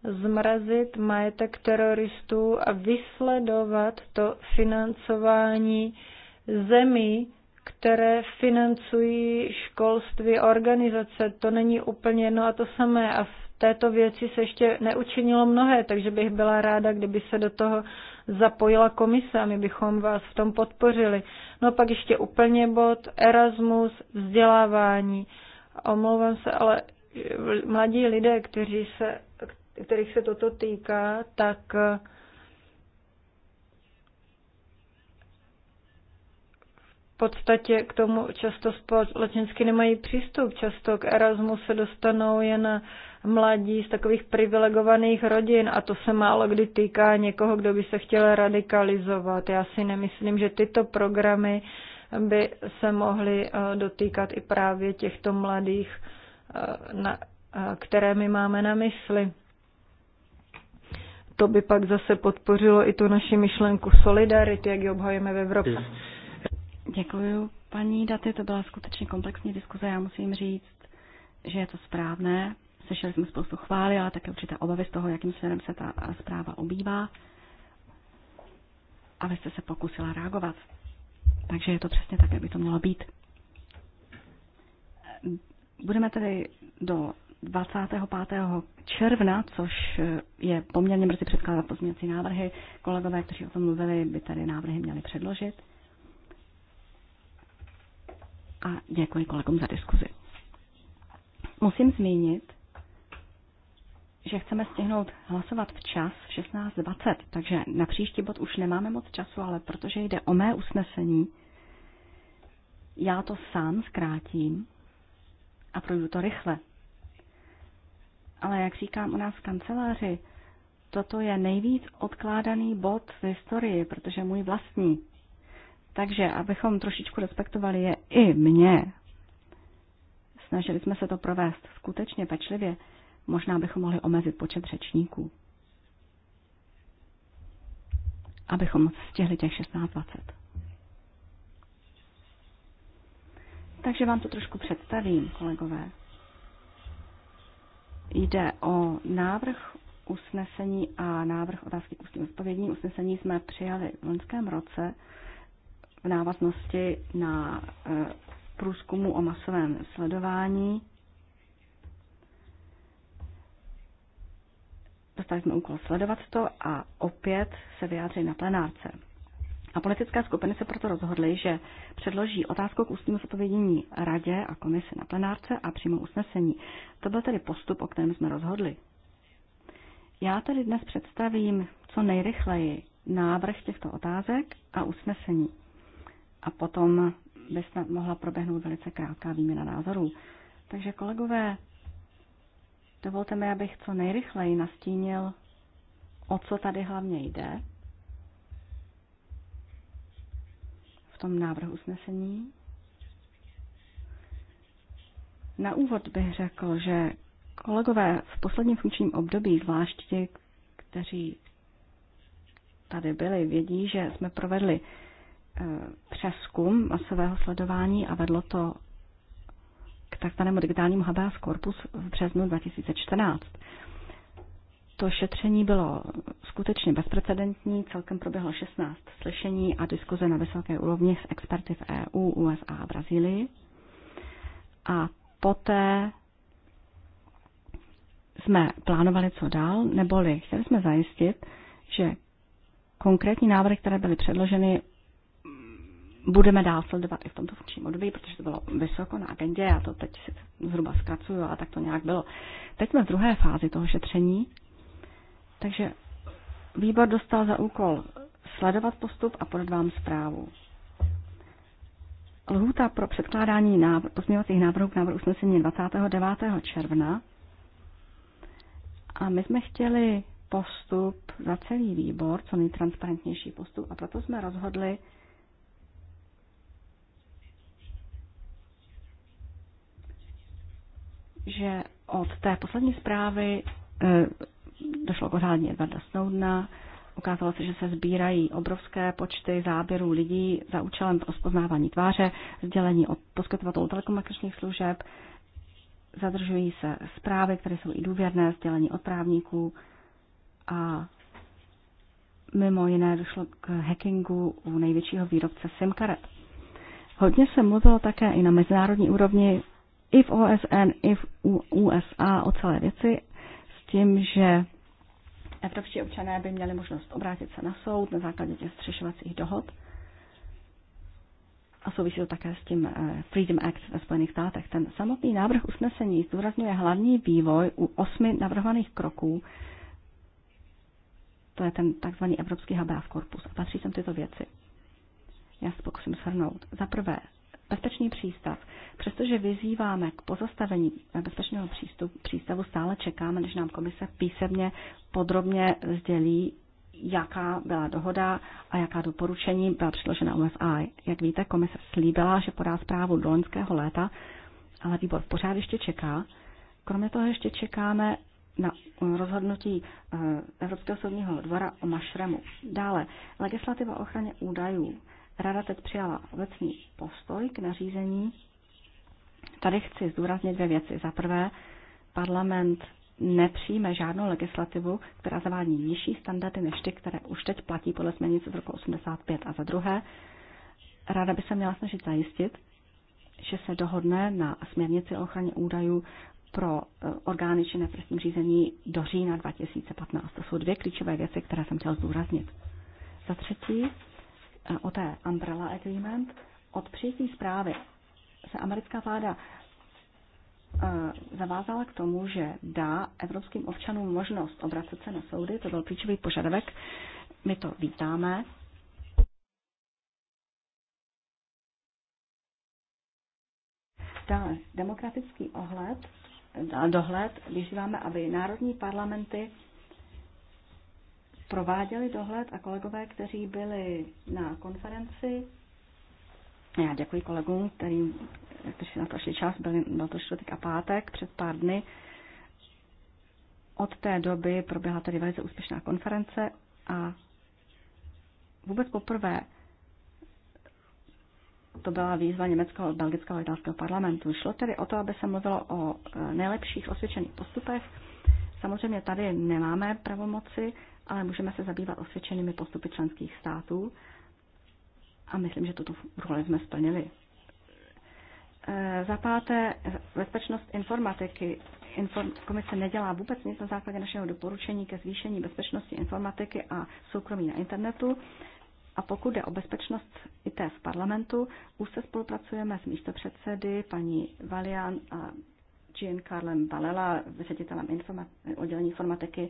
zmrazit majetek teroristů a vysledovat to financování zemí, které financují školství, organizace, to není úplně jedno a to samé. A v této věci se ještě neučinilo mnohé, takže bych byla ráda, kdyby se do toho zapojila komise a my bychom vás v tom podpořili. No a pak ještě úplně bod Erasmus, vzdělávání. Omlouvám se, ale eh, mladí lidé, kteří se, kterých se toto týká, tak uh, podstatě k tomu často společensky nemají přístup. Často k Erasmu se dostanou jen mladí z takových privilegovaných rodin a to se málo kdy týká někoho, kdo by se chtěl radikalizovat. Já si nemyslím, že tyto programy by se mohly eh, dotýkat i právě těchto mladých, eh, eh, které my máme na mysli. To by pak zase podpořilo i tu naši myšlenku solidarity, jak ji obhajujeme v Evropě. Děkuji, paní Daty, to byla skutečně komplexní diskuze. Já musím říct, že je to správné. Slyšeli jsme spoustu chvály, ale také určité obavy z toho, jakým směrem se ta zpráva obývá. A vy jste se pokusila reagovat. Takže je to přesně tak, jak by to mělo být. Budeme tedy do 25. června, což je poměrně brzy předkládat pozměňovací návrhy. Kolegové, kteří o tom mluvili, by tady návrhy měli předložit a děkuji kolegům za diskuzi. Musím zmínit, že chceme stihnout hlasovat včas 16.20, takže na příští bod už nemáme moc času, ale protože jde o mé usnesení, já to sám zkrátím a projdu to rychle. Ale jak říkám u nás v kanceláři, toto je nejvíc odkládaný bod v historii, protože můj vlastní. Takže abychom trošičku respektovali je i mě, snažili jsme se to provést skutečně pečlivě, možná bychom mohli omezit počet řečníků, abychom stihli těch 16-20. Takže vám to trošku představím, kolegové. Jde o návrh usnesení a návrh otázky k ústním odpovědním. Usnesení jsme přijali v loňském roce v návaznosti na eh, průzkumu o masovém sledování. Dostali jsme úkol sledovat to a opět se vyjádřili na plenárce. A politické skupiny se proto rozhodly, že předloží otázku k ústnímu zodpovědění radě a komisi na plenárce a přímo usnesení. To byl tedy postup, o kterém jsme rozhodli. Já tedy dnes představím co nejrychleji návrh těchto otázek a usnesení a potom by snad mohla proběhnout velice krátká výměna názorů. Takže kolegové, dovolte mi, abych co nejrychleji nastínil, o co tady hlavně jde v tom návrhu usnesení. Na úvod bych řekl, že kolegové v posledním funkčním období, zvláště ti, kteří tady byli, vědí, že jsme provedli Eh, přeskum masového sledování a vedlo to k takzvanému digitálnímu habeas corpus v březnu 2014. To šetření bylo skutečně bezprecedentní, celkem proběhlo 16 slyšení a diskuze na vysoké úrovni s experty v EU, USA a Brazílii. A poté jsme plánovali, co dál, neboli chtěli jsme zajistit, že konkrétní návrhy, které byly předloženy, budeme dál sledovat i v tomto funkčním období, protože to bylo vysoko na agendě, já to teď si zhruba zkracuju, ale tak to nějak bylo. Teď jsme v druhé fázi toho šetření, takže výbor dostal za úkol sledovat postup a podat vám zprávu. Lhůta pro předkládání návr- pozměňovacích návrhů k návrhu usnesení 29. června a my jsme chtěli postup za celý výbor, co nejtransparentnější postup a proto jsme rozhodli, že od té poslední zprávy e, došlo k odhádně Edvarda Snowdena, ukázalo se, že se sbírají obrovské počty záběrů lidí za účelem rozpoznávání tváře, sdělení od poskytovatelů telekomunikačních služeb, zadržují se zprávy, které jsou i důvěrné, sdělení od právníků a mimo jiné došlo k hackingu u největšího výrobce SIM karet. Hodně se mluvilo také i na mezinárodní úrovni i v OSN, i v USA o celé věci s tím, že evropští občané by měli možnost obrátit se na soud na základě těch střešovacích dohod. A souvisí to také s tím eh, Freedom Act ve Spojených státech. Ten samotný návrh usnesení zdůrazňuje hlavní vývoj u osmi navrhovaných kroků. To je ten takzvaný evropský habeas corpus. A patří sem tyto věci. Já se pokusím shrnout. Za prvé, Bezpečný přístav. Přestože vyzýváme k pozastavení bezpečného přístup, přístavu, stále čekáme, než nám komise písemně podrobně sdělí, jaká byla dohoda a jaká doporučení byla předložena USA. Jak víte, komise slíbila, že podá zprávu do loňského léta, ale výbor pořád ještě čeká. Kromě toho ještě čekáme na rozhodnutí eh, Evropského soudního dvora o mašremu. Dále, legislativa o ochraně údajů. Rada teď přijala obecný postoj k nařízení. Tady chci zdůraznit dvě věci. Za prvé, parlament nepřijme žádnou legislativu, která zavádí nižší standardy než ty, které už teď platí podle směrnice z roku 85. A za druhé, ráda by se měla snažit zajistit, že se dohodne na směrnici o ochraně údajů pro eh, orgány či v trestním řízení do října 2015. To jsou dvě klíčové věci, které jsem chtěl zdůraznit. Za třetí, Eh, o té Umbrella Agreement. Od přijetí zprávy se americká vláda eh, zavázala k tomu, že dá evropským občanům možnost obracet se na soudy. To byl klíčový požadavek. My to vítáme. Dále, demokratický ohled, dohled vyzýváme, aby národní parlamenty prováděli dohled a kolegové, kteří byli na konferenci, já děkuji kolegům, kterým, kteří na prošli čas, byl, byl to čtvrtek a pátek před pár dny. Od té doby proběhla tady velice úspěšná konference a vůbec poprvé to byla výzva německého, belgického a italského parlamentu. Šlo tedy o to, aby se mluvilo o e, nejlepších osvědčených postupech. Samozřejmě tady nemáme pravomoci, ale můžeme se zabývat osvědčenými postupy členských států a myslím, že tuto roli jsme splnili. Eh, za páté, bezpečnost informatiky. Inform, komise nedělá vůbec nic na základě našeho doporučení ke zvýšení bezpečnosti informatiky a soukromí na internetu. A pokud jde o bezpečnost IT v parlamentu, už se spolupracujeme s místopředsedy paní Valian a Jean Carlem Balela, ředitelem informa- oddělení informatiky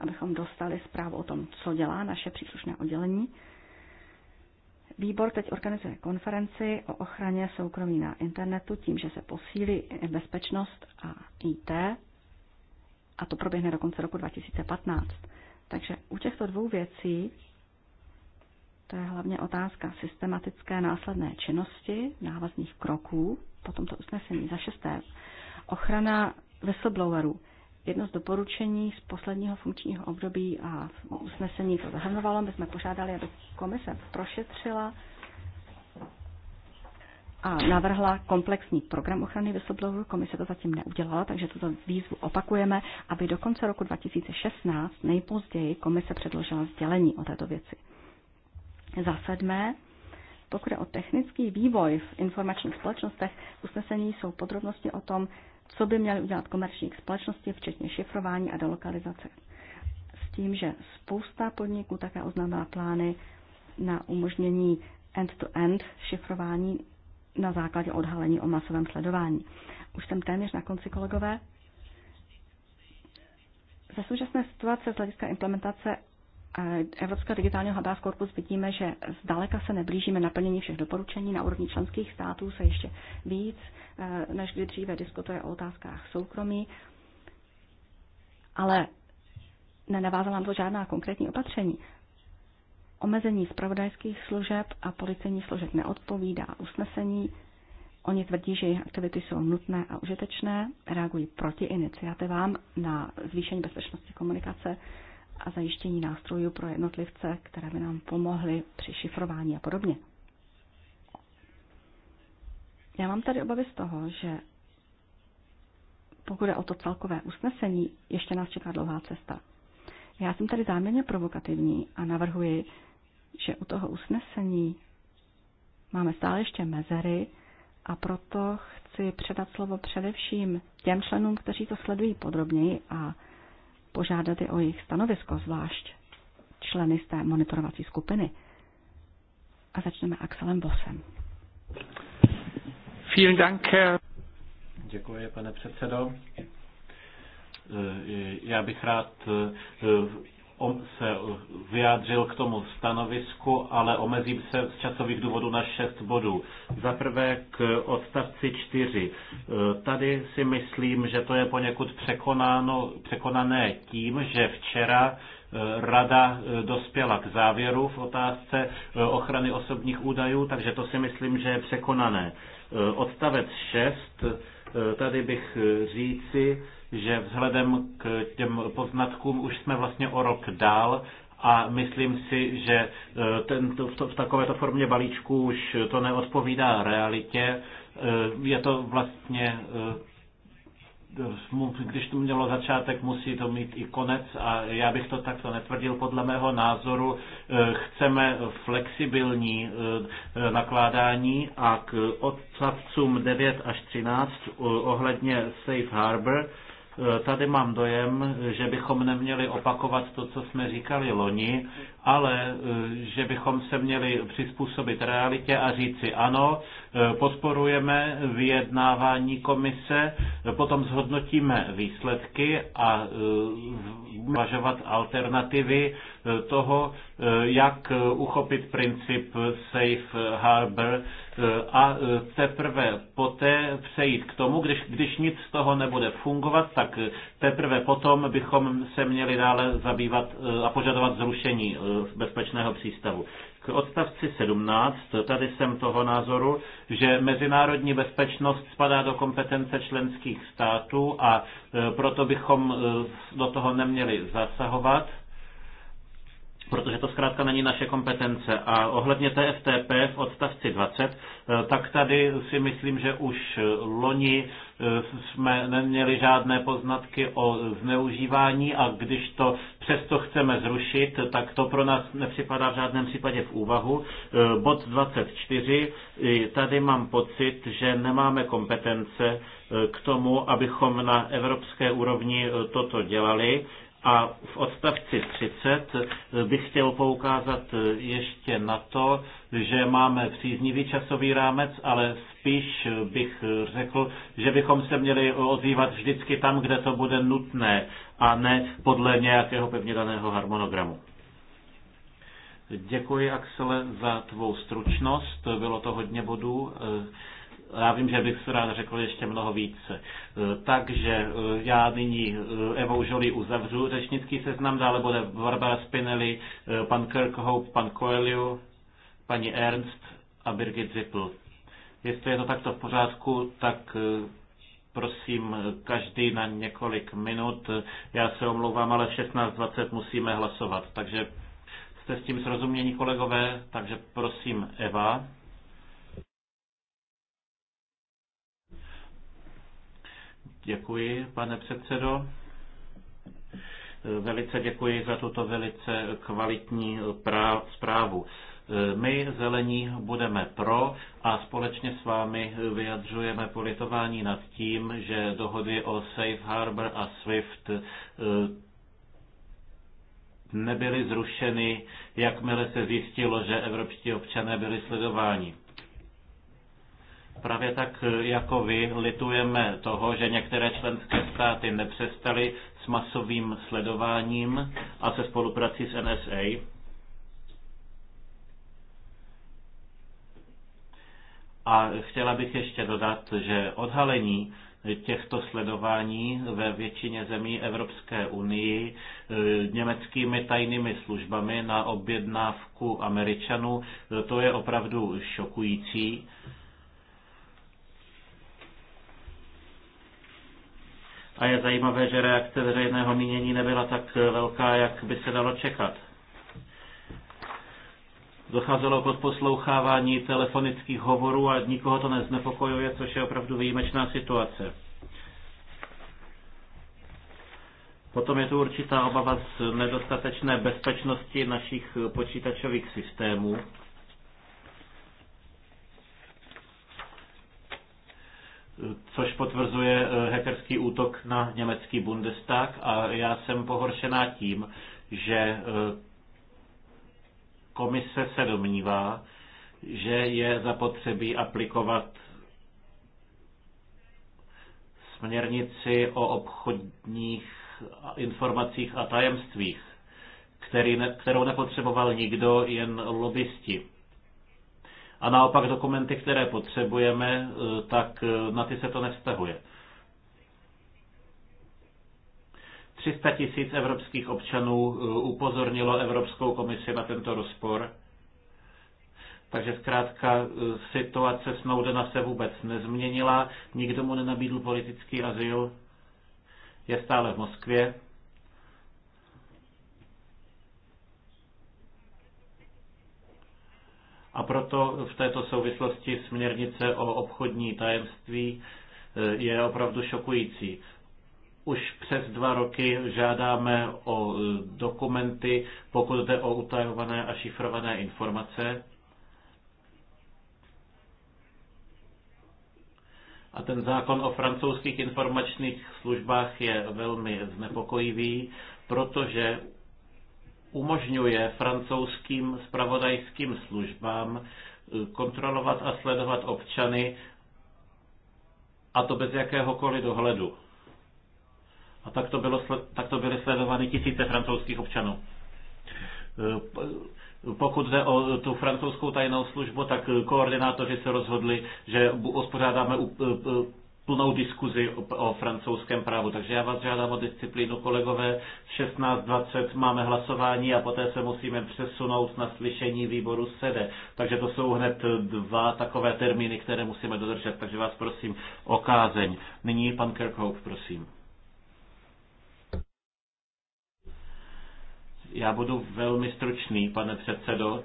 abychom dostali zprávu o tom, co dělá naše příslušné oddělení. Výbor teď organizuje konferenci o ochraně soukromí na internetu tím, že se posílí bezpečnost a IT a to proběhne do konce roku 2015. Takže u těchto dvou věcí to je hlavně otázka systematické následné činnosti, návazných kroků potom to usnesení. Za šesté, ochrana whistleblowerů. Jedno z doporučení z posledního funkčního období a usnesení to zahrnovalo, my jsme požádali, aby komise prošetřila a navrhla komplexní program ochrany whistleblowerů. Komise to zatím neudělala, takže tuto výzvu opakujeme, aby do konce roku 2016 nejpozději komise předložila sdělení o této věci. Za sedmé, pokud je o technický vývoj v informačních společnostech, usnesení jsou podrobnosti o tom, co by měly udělat komerční společnosti, včetně šifrování a delokalizace. S tím, že spousta podniků také oznámila plány na umožnění end-to-end -end šifrování na základě odhalení o masovém sledování. Už jsem téměř na konci, kolegové. Za současné situace z hlediska implementace Evropského digitálního v korpus vidíme, že zdaleka se neblížíme naplnění všech doporučení. Na úrovni členských států se ještě víc eh, než kdy dříve diskutuje o otázkách soukromí, ale nenavázala na to žádná konkrétní opatření. Omezení zpravodajských služeb a policejních služeb neodpovídá usnesení. Oni tvrdí, že jejich aktivity jsou nutné a užitečné, reagují proti iniciativám na zvýšení bezpečnosti komunikace a zajištění nástrojů pro jednotlivce, které by nám pomohly při šifrování a podobně. Já mám tady obavy z toho, že pokud je o to celkové usnesení, ještě nás čeká dlouhá cesta. Já jsem tady záměrně provokativní a navrhuji, že u toho usnesení máme stále ještě mezery a proto chci předat slovo především těm členům, kteří to sledují podrobněji a požádat je o jejich stanovisko, zvlášť členy z té monitorovací skupiny. A začneme Axelem Bosem. Vielen Dank. Děkuji, pane předsedo. E, já bych rád e, se vyjádřil k tomu stanovisku, ale omezím se z časových důvodů na šest bodů. Za prvé k odstavci čtyři. E, tady si myslím, že to je poněkud překonáno, překonané tím, že včera e, Rada e, dospěla k závěru v otázce ochrany osobních údajů, takže to si myslím, že je překonané. Odstavec 6, tady bych říci, že vzhledem k těm poznatkům už jsme vlastně o rok dál a myslím si, že e, ten, v, v takovéto formě balíčku už to neodpovídá realitě. E, je to vlastně e, když to mělo začátek, musí to mít i konec a já bych to takto netvrdil. Podle mého názoru chceme flexibilní nakládání a k odstavcům 9 až 13 ohledně Safe Harbor Eh, tady mám dojem, že bychom neměli opakovat to, co jsme říkali loni, ale eh, že bychom se měli přizpůsobit realitě a říci ano, E, podporujeme vyjednávání komise, e, potom zhodnotíme výsledky a e, uvažovat alternativy toho, jak uchopit princip safe harbor a teprve poté přejít k tomu, když, když nic z toho nebude fungovat, tak teprve potom bychom se měli dále zabývat a požadovat zrušení bezpečného přístavu odstavci 17, tady jsem toho názoru, že mezinárodní bezpečnost spadá do kompetence členských států a e, proto bychom e, do toho neměli zasahovat protože to zkrátka není naše kompetence. A ohledně TFTP v odstavci 20, e, tak tady si myslím, že už loni jsme neměli žádné poznatky o zneužívání a když to přesto chceme zrušit, tak to pro nás nepřipadá v žádném případě v úvahu. E, bod 24, tady mám pocit, že nemáme kompetence e, k tomu, abychom na evropské úrovni e, toto dělali. A v odstavci 30 bych chtěl poukázat ještě na to, že máme příznivý časový rámec, ale spíš bych řekl, že bychom se měli ozývat vždycky tam, kde to bude nutné a ne podle nějakého pevně daného harmonogramu. Děkuji, Axele, za tvou stručnost. Bylo to hodně bodů já vím, že bych rád řekl ještě mnoho více. E, takže e, já nyní e, Evou Žolí uzavřu řečnický seznam, dále bude Barbara Spinelli, pan Kirkhope, pan Coelho, paní Ernst a Birgit Zippel. Jestli je to takto v pořádku, tak prosím každý na několik minut. Já se omlouvám, ale v 16.20 musíme hlasovat. Takže jste s tím srozumění, kolegové, takže prosím Eva. Děkuji, pane předsedo. Velice děkuji za tuto velice kvalitní zprávu. My zelení budeme pro a společně s vámi vyjadřujeme politování nad tím, že dohody o Safe Harbor a SWIFT eh, nebyly zrušeny, jakmile se zjistilo, že evropští občané byli sledováni. Právě tak e, jako vy litujeme toho, že některé členské státy nepřestaly s masovým sledováním a se spoluprací s NSA. A chtěla bych ještě dodat, že odhalení těchto sledování ve většině zemí Evropské unii e, německými tajnými službami na objednávku Američanů, e, to je opravdu šokující a je zajímavé, že reakce veřejného mínění nebyla tak velká, jak by se dalo čekat. Docházelo k odposlouchávání telefonických hovorů a nikoho to neznepokojuje, což je opravdu výjimečná situace. Potom je tu určitá obava z nedostatečné bezpečnosti našich počítačových systémů. což potvrzuje eh, hackerský útok na německý Bundestag a já jsem pohoršená tím, že eh, komise se domnívá, že je zapotřebí aplikovat směrnici o obchodních informacích a tajemstvích, který, kterou nepotřeboval nikdo, jen lobbysti a naopak dokumenty, které potřebujeme, e, tak e, na ty se to nevztahuje. 300 tisíc evropských občanů e, upozornilo Evropskou komisi na tento rozpor. Takže zkrátka situace Snowdena se vůbec nezměnila, nikdo mu nenabídl politický azyl, je stále v Moskvě. A proto v této souvislosti směrnice o obchodní tajemství eh, je opravdu šokující. Už přes dva roky žádáme o eh, dokumenty, pokud jde o utajované a šifrované informace. A ten zákon o francouzských informačních službách je velmi znepokojivý, protože umožňuje francouzským spravodajským službám eh, kontrolovat a sledovat občany, a to bez jakéhokoliv dohledu. A tak to, bylo, tak to byly sledovány tisíce francouzských občanů. Eh, pokud jde o tu francouzskou tajnou službu, tak koordinátoři se rozhodli, že uspořádáme eh, plnou diskuzi o, o francouzském právu. Takže já vás žádám o disciplínu, kolegové. 16.20 máme hlasování a poté se musíme přesunout na slyšení výboru SEDE. Takže to jsou hned dva takové termíny, které musíme dodržet. Takže vás prosím o kázeň. Nyní pan Kirkhope, prosím. Já budu velmi stručný, pane předsedo.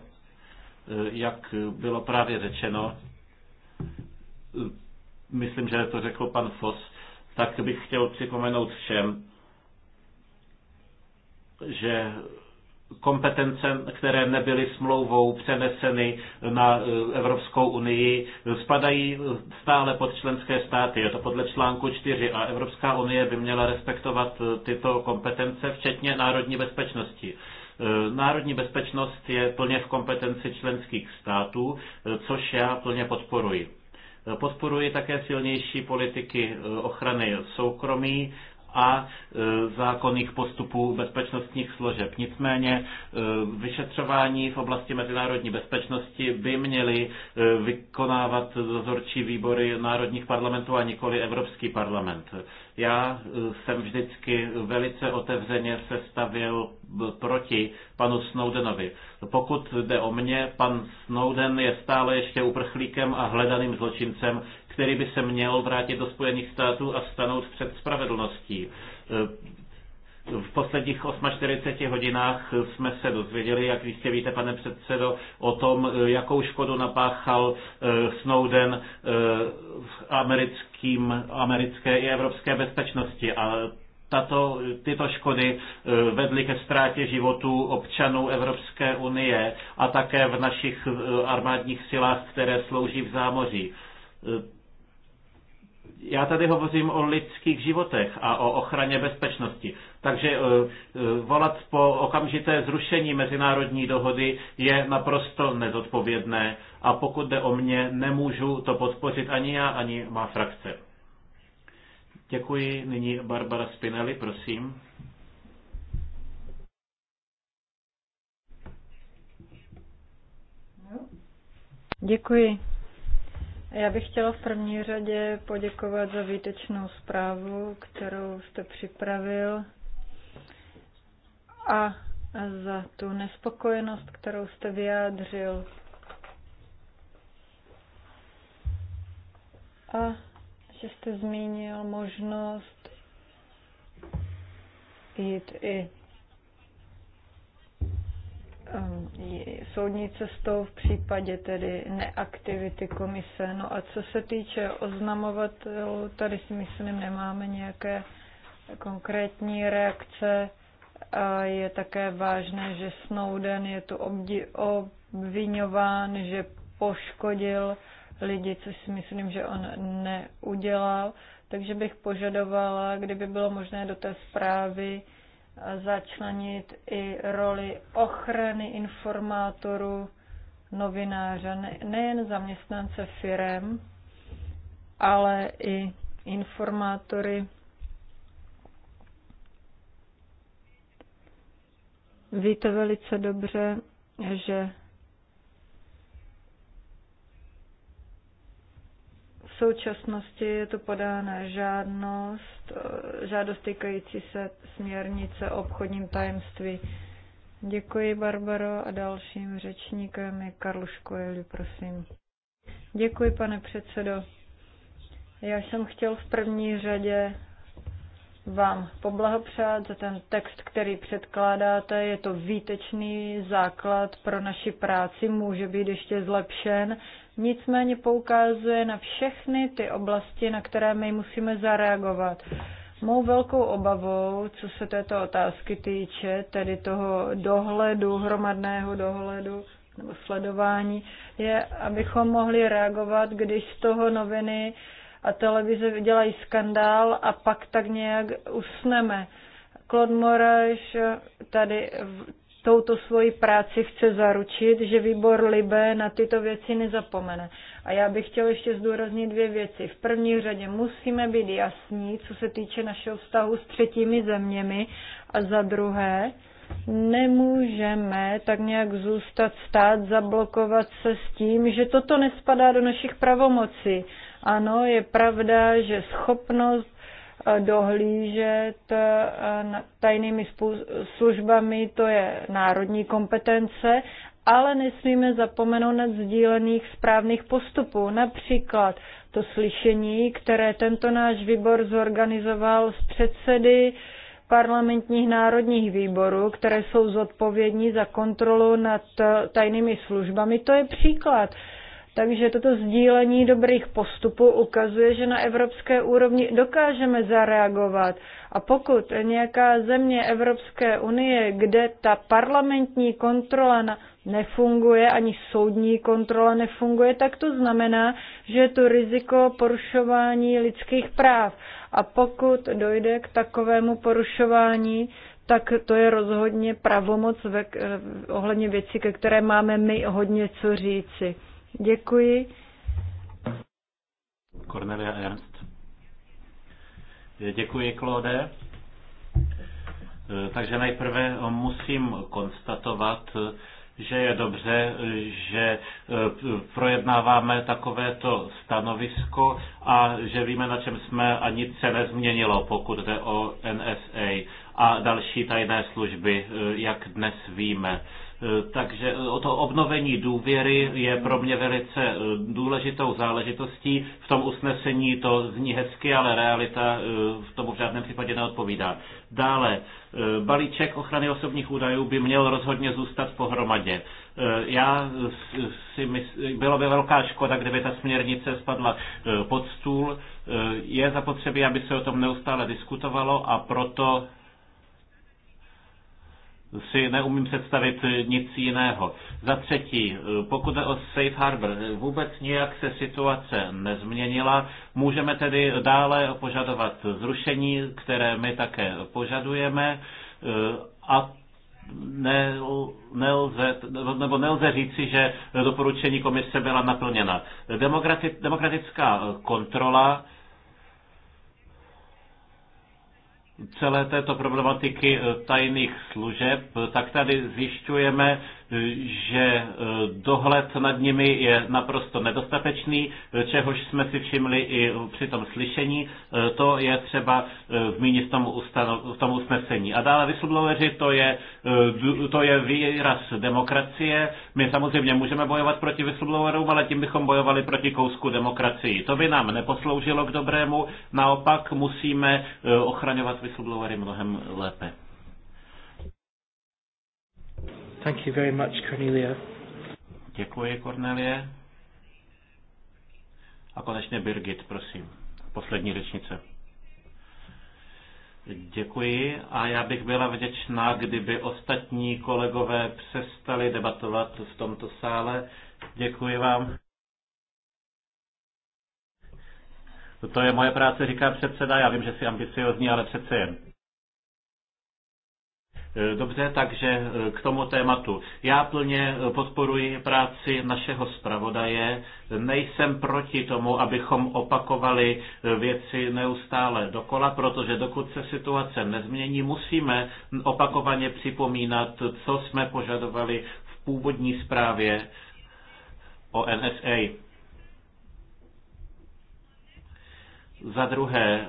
Jak bylo právě řečeno, myslím, že to řekl pan Fos, tak bych chtěl připomenout všem, že kompetence, které nebyly smlouvou přeneseny na e, Evropskou unii, spadají stále pod členské státy. Je to podle článku 4 a Evropská unie by měla respektovat e, tyto kompetence, včetně národní bezpečnosti. E, národní bezpečnost je plně v kompetenci členských států, což já plně podporuji. Podporuji také silnější politiky eh, ochrany soukromí, a e, zákonných postupů bezpečnostních složeb. Nicméně e, vyšetřování v oblasti mezinárodní bezpečnosti by měly e, vykonávat dozorčí výbory národních parlamentů a nikoli Evropský parlament. Já jsem vždycky velice otevřeně se stavil proti panu Snowdenovi. Pokud jde o mě, pan Snowden je stále ještě uprchlíkem a hledaným zločincem, který by se měl vrátit do Spojených států a stanout před spravedlností. E, v posledních 48 hodinách jsme se dozvěděli, jak jistě víte, pane předsedo, o tom, jakou škodu napáchal e, Snowden e, americkým, americké i evropské bezpečnosti. A tato, tyto škody vedly ke ztrátě životů občanů Evropské unie a také v našich armádních silách, které slouží v zámoří já tady hovořím o lidských životech a o ochraně bezpečnosti. Takže eh, eh, volat po okamžité zrušení mezinárodní dohody je naprosto nezodpovědné a pokud jde o mě, nemůžu to podpořit ani já, ani má frakce. Děkuji. Nyní Barbara Spinelli, prosím. Děkuji. Já bych chtěla v první řadě poděkovat za výtečnou zprávu, kterou jste připravil a za tu nespokojenost, kterou jste vyjádřil. A že jste zmínil možnost jít i Ehm, soudní cestou v případě tedy neaktivity komise. No a co se týče oznamovatelů, tady si myslím, nemáme nějaké konkrétní reakce. A je také vážné, že Snowden je tu obvinován, že poškodil lidi, což si myslím, že on neudělal. Takže bych požadovala, kdyby bylo možné do té zprávy začlenit i roli ochrany informátorů, novináře, nejen zaměstnance firem, ale i informátory Víte velice dobře, že současnosti je to podána žádnost, eh, žádost týkající se směrnice o obchodním tajemství. Děkuji, Barbaro, a dalším řečníkem je Karluš Koeli, prosím. Děkuji, pane předsedo. Já jsem chtěl v první řadě vám poblahopřát za ten text, který předkládáte. Je to výtečný základ pro naši práci, může být ještě zlepšen nicméně poukazuje na všechny ty oblasti, na které my musíme zareagovat. Mou velkou obavou, co se této otázky týče, tedy toho dohledu, hromadného dohledu nebo sledování, je, abychom mohli reagovat, když z toho noviny a televize vydělají skandál a pak tak nějak usneme. Claude Moraes tady touto svoji práci chce zaručit, že výbor Libe na tyto věci nezapomene. A já bych chtěl ještě zdůraznit dvě věci. V první řadě musíme být jasní, co se týče našeho vztahu s třetími zeměmi a za druhé, nemůžeme tak nějak zůstat stát, zablokovat se s tím, že toto nespadá do našich pravomocí. Ano, je pravda, že schopnost dohlížet eh, tajnými službami, to je národní kompetence, ale nesmíme zapomenout na sdílených správných postupů. Například to slyšení, které tento náš výbor zorganizoval s předsedy parlamentních národních výborů, které jsou zodpovědní za kontrolu nad tajnými službami. To je příklad. Takže toto sdílení dobrých postupů ukazuje, že na evropské úrovni dokážeme zareagovat. A pokud nějaká země Evropské unie, kde ta parlamentní kontrola nefunguje, ani soudní kontrola nefunguje, tak to znamená, že je tu riziko porušování lidských práv. A pokud dojde k takovému porušování, tak to je rozhodně pravomoc ve, eh, ohledně věci, ke které máme my hodně co říci. Děkuji. Cornelia Ernst. Děkuji, Claude. Takže nejprve musím konstatovat, že je dobře, že e, projednáváme takovéto stanovisko a že víme, na čem jsme a nic se nezměnilo, pokud jde o NSA a další tajné služby, e, jak dnes víme. Eh, takže eh, to obnovení důvěry je pro mě velice eh, důležitou záležitostí. V tom usnesení to zní hezky, ale realita v tomu v žádném případě neodpovídá. Dále, balíček ochrany osobních údajů by měl rozhodně zůstat pohromadě. Já si myslím, bylo by velká škoda, kdyby ta směrnice spadla pod stůl. Je zapotřebí, aby se o tom neustále diskutovalo a proto si neumím představit nic jiného. Za třetí, pokud je o Safe Harbor, vůbec nijak se situace nezměnila. Můžeme tedy dále požadovat zrušení, které my také požadujeme a ne, nelze, nebo nelze říci, že doporučení komise byla naplněna. Demokratická kontrola celé této problematiky eh, tajných služeb, eh, tak tady zjišťujeme, že e, dohled nad nimi je naprosto nedostatečný, čehož jsme si všimli i při tom slyšení. E, to je třeba e, zmínit v tom, ustano, v tom usnesení. A dále whistlebloweri, to je, to je výraz demokracie. My samozřejmě můžeme bojovat proti whistleblowerům, ale tím bychom bojovali proti kousku demokracii. To by nám neposloužilo k dobrému, naopak musíme ochraňovat whistleblowery mnohem lépe. Thank you very much, Cornelia. Děkuji, Cornelie. A konečně Birgit, prosím, poslední řečnice. Děkuji a já bych byla vděčná, kdyby ostatní kolegové přestali debatovat v tomto sále. Děkuji vám. To je moje práce, říká předseda. Já vím, že jsi ambiciozní, ale přece jen. Eh, dobře, takže eh, k tomu tématu. Já plně eh, podporuji práci našeho zpravodaje. Nejsem proti tomu, abychom opakovali věci neustále dokola, protože dokud se situace nezmění, musíme opakovaně připomínat, co jsme požadovali v původní zprávě o NSA. Za druhé,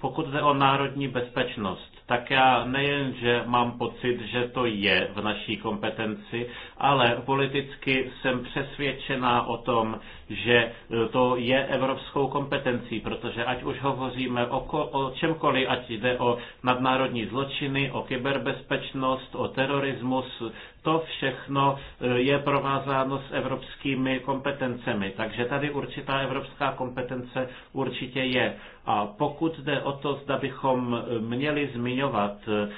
pokud jde o národní bezpečnost, tak já nejen, že mám pocit, že to je v naší kompetenci, ale politicky jsem přesvědčená o tom, že e, to je evropskou kompetencí, protože ať už hovoříme o, ko- o čemkoliv, ať jde o nadnárodní zločiny, o kyberbezpečnost, o terorismus, to všechno e, je provázáno s evropskými kompetencemi. Takže tady určitá evropská kompetence určitě je. A pokud jde o to, zda bychom e, měli zmiňovat e,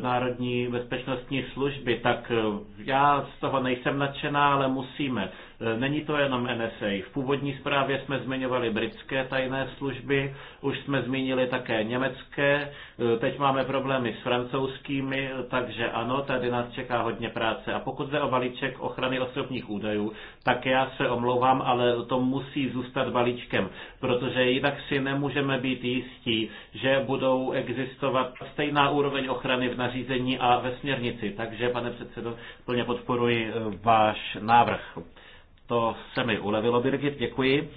národní bezpečnostní služby, tak já z toho nejsem nadšená, ale musíme. Eh, není to jenom NSA. V původní zprávě jsme zmiňovali britské tajné služby, už jsme zmínili také německé, eh, teď máme problémy s francouzskými, takže ano, tady nás čeká hodně práce. A pokud jde o balíček ochrany osobních údajů, tak já se omlouvám, ale to musí zůstat balíčkem, protože jinak si nemůžeme být jistí, že budou existovat stejná úroveň ochrany v nařízení a ve směrnici. Takže, pane předsedo, plně podporuji eh, váš návrh. To se mi ulevilo, Birgit, děkuji.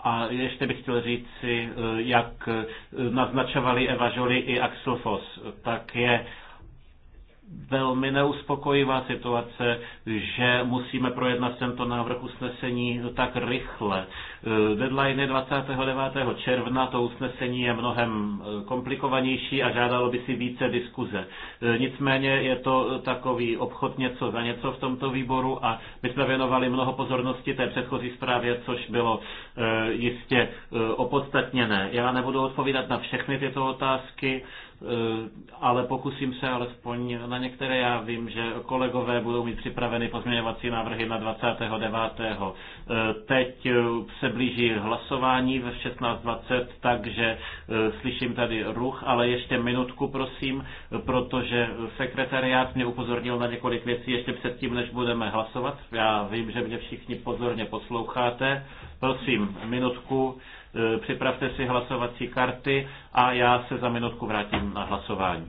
A ještě bych chtěl říct si, eh, jak eh, naznačovali Eva Jolie i Axel Foss, tak je velmi neuspokojivá situace, že musíme projednat tento návrh usnesení tak rychle. Eh, deadline je 29. června, to usnesení je mnohem eh, komplikovanější a žádalo by si více diskuze. Eh, nicméně je to takový obchod něco za něco v tomto výboru a my jsme věnovali mnoho pozornosti té předchozí zprávě, což bylo jistě opodstatněné. Já nebudu odpovídat na všechny tyto otázky, ale pokusím se alespoň na některé. Já vím, že kolegové budou mít připraveny pozměňovací návrhy na 29. Teď se blíží hlasování ve 16.20, takže e, slyším tady ruch, ale ještě minutku prosím, protože sekretariát mě upozornil na několik věcí ještě předtím, než budeme hlasovat. Já vím, že mě všichni pozorně posloucháte. Prosím, minutku, e, připravte si hlasovací karty a já se za minutku vrátím na hlasování.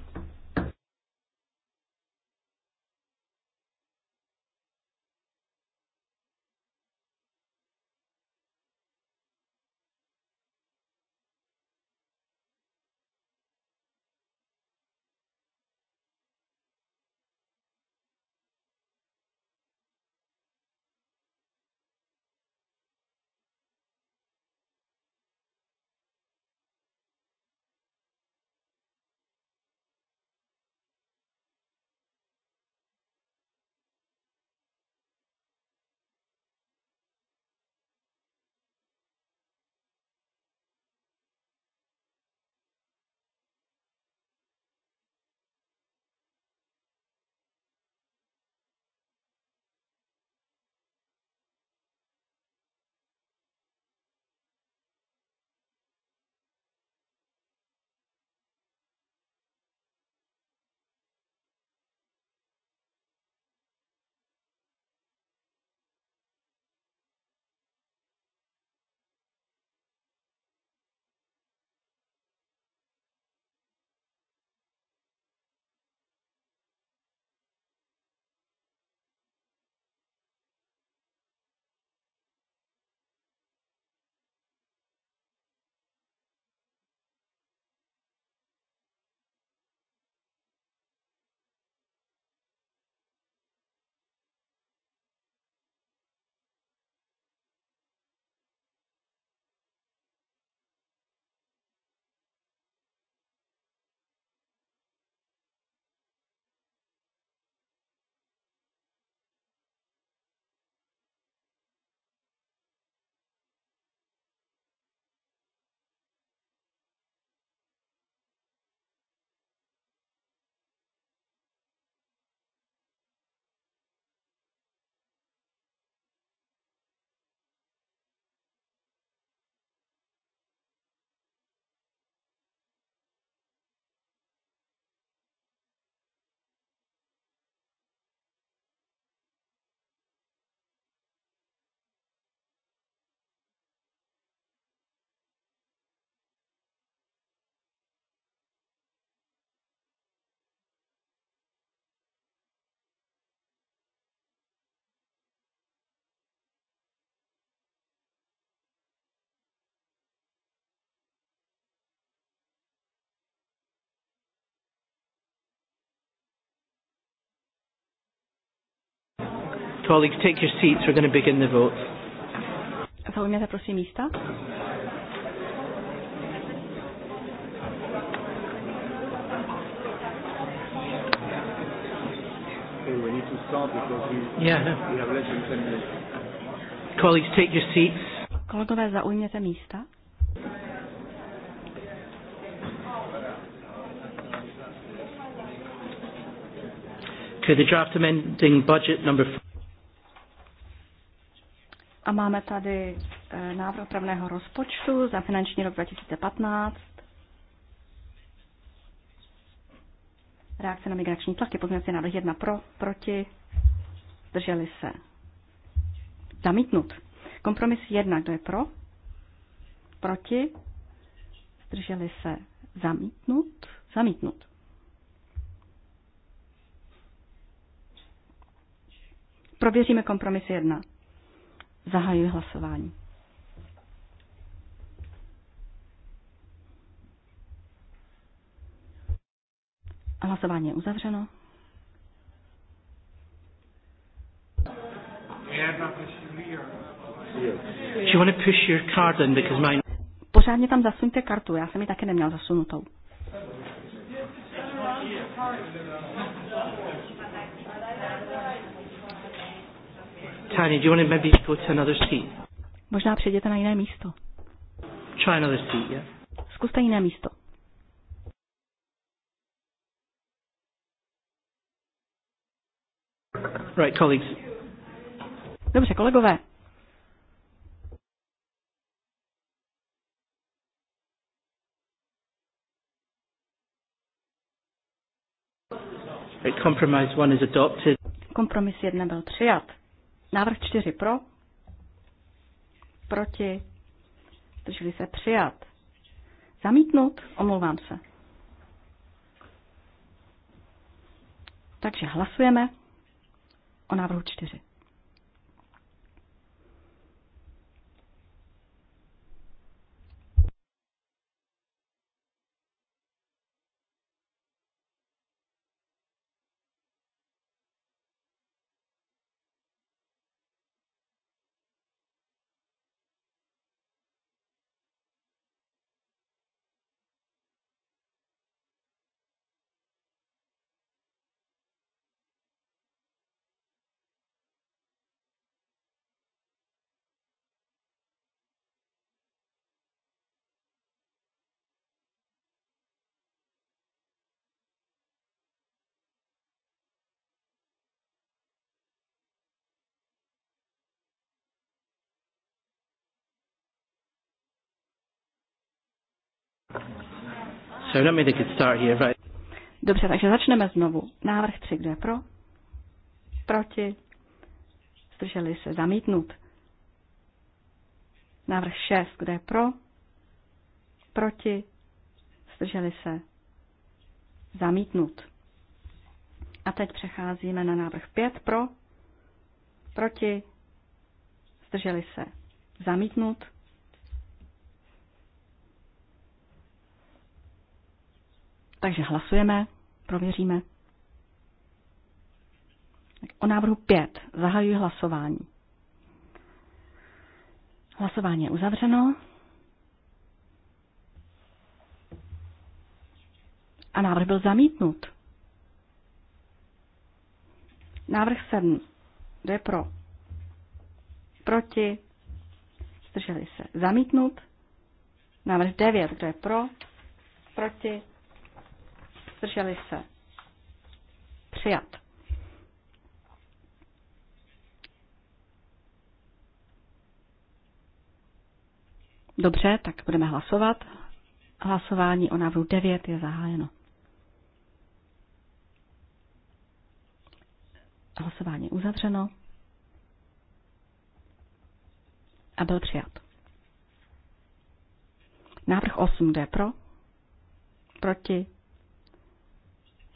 Colleagues, take your seats. We're going to begin the vote. Zaujměte prosím místa. Colleagues, take your seats. Kolegové, zaujměte místa. Okay, the draft amending budget number a máme tady eh, návrh pravného rozpočtu za finanční rok 2015. Reakce na migrační tlaky, pozměnací návrh 1 pro, proti, zdrželi se. Zamítnut. Kompromis 1, kdo je pro, proti, zdrželi se. Zamítnut, zamítnut. Prověříme kompromis 1. Zahajuji hlasování. Hlasování je uzavřeno. Pořádně tam zasuňte kartu, já jsem ji také neměl zasunutou. Tanya, do you want to maybe go to another seat? Možná přejděte na jiné místo. Try another seat, yeah? Zkuste jiné místo. Right, colleagues. Dobře, kolegové. compromise one is adopted. Kompromis jedna byl přijat. Návrh 4 pro, proti, drželi se přijat. Zamítnut, omlouvám se. Takže hlasujeme o návrhu 4. So let me think it start here, right? Dobře, takže začneme znovu. Návrh 3, kdo je pro? Proti? Zdrželi se zamítnut. Návrh 6, kdo je pro? Proti? Zdrželi se zamítnut. A teď přecházíme na návrh 5 pro, proti, zdrželi se zamítnut. Takže hlasujeme, prověříme. O návrhu 5 zahajuji hlasování. Hlasování je uzavřeno. A návrh byl zamítnut. Návrh 7. Kdo je pro? Proti? Zdrželi se. Zamítnut. Návrh 9. Kdo je pro? Proti? zdrželi se, přijat. Dobře, tak budeme hlasovat. Hlasování o návrhu 9 je zahájeno. Hlasování uzavřeno a byl přijat. Návrh 8 jde pro, proti,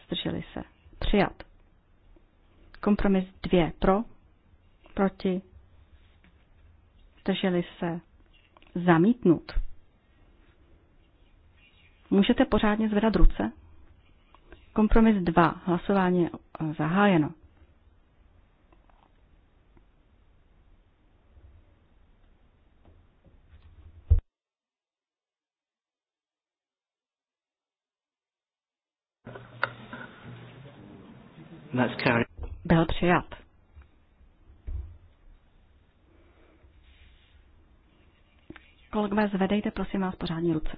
zdrželi se, přijat. Kompromis dvě pro, proti, zdrželi se, zamítnut. Můžete pořádně zvedat ruce? Kompromis 2. Hlasování je eh, zahájeno. That's Byl přijat. Kolegové, zvedejte prosím vás pořádně ruce.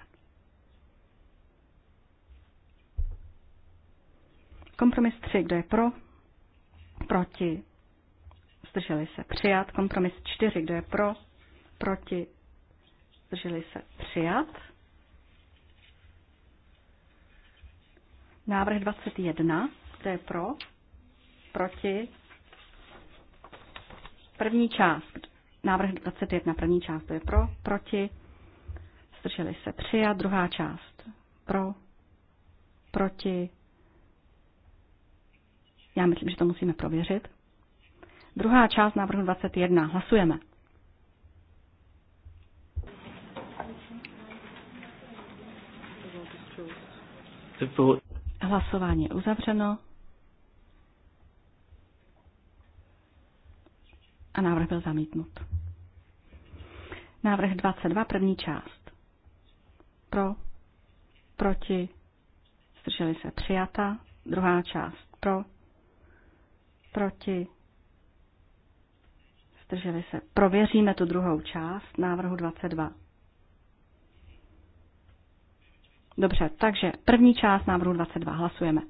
Kompromis 3, kdo je pro, proti, zdrželi se přijat. Kompromis 4, kdo je pro, proti, zdrželi se přijat. Návrh 21, kdo je pro, proti. První část, návrh 21, první část, to je pro, proti. Zdrželi se tři. a druhá část, pro, proti. Já myslím, že to musíme prověřit. Druhá část návrhu 21. Hlasujeme. Hlasování je uzavřeno. a návrh byl zamítnut. Návrh 22, první část. Pro, proti, zdrželi se přijata, druhá část pro, proti, zdrželi se. Prověříme tu druhou část návrhu 22. Dobře, takže první část návrhu 22 hlasujeme.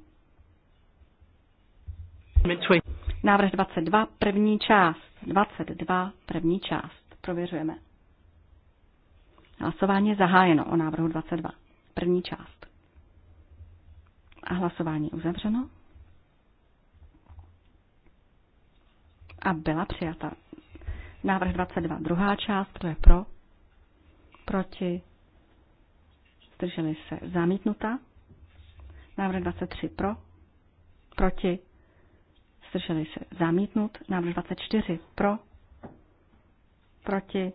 Návrh 22, první část. 22, první část. Prověřujeme. Hlasování je zahájeno o návrhu 22, první část. A hlasování je uzavřeno. A byla přijata. Návrh 22, druhá část, to je pro, proti, zdrželi se, zamítnuta. Návrh 23 pro, proti, zdrželi se zamítnut, návrh 24 pro, proti,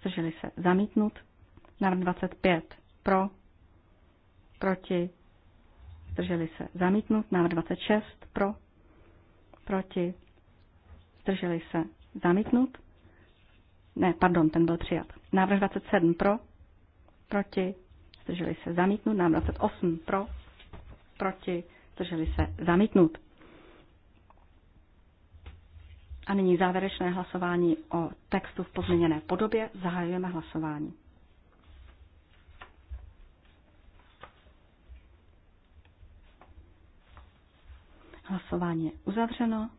zdrželi se zamítnut, návrh 25 pro, proti, zdrželi se zamítnut, návrh 26 pro, proti, zdrželi se zamítnut, ne, pardon, ten byl přijat. Návrh 27 pro, proti, zdrželi se zamítnut, návrh 28 pro, proti, zdrželi se zamítnut. A nyní závěrečné hlasování o textu v pozměněné podobě. Zahajujeme hlasování. Hlasování je uzavřeno.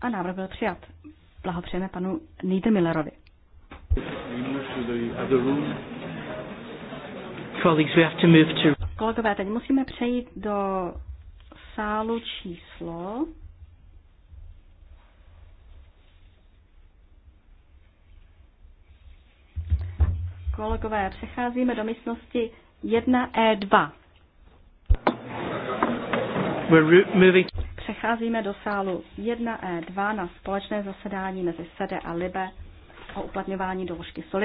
A návrh byl přijat. Blahopřejeme panu Niedermillerovi. Kolegové, teď musíme přejít do sálu číslo. Kolegové, přecházíme do místnosti 1E2. E přecházíme do sálu 1E2 e na společné zasedání mezi SEDE a LIBE o uplatňování doložky solidarity.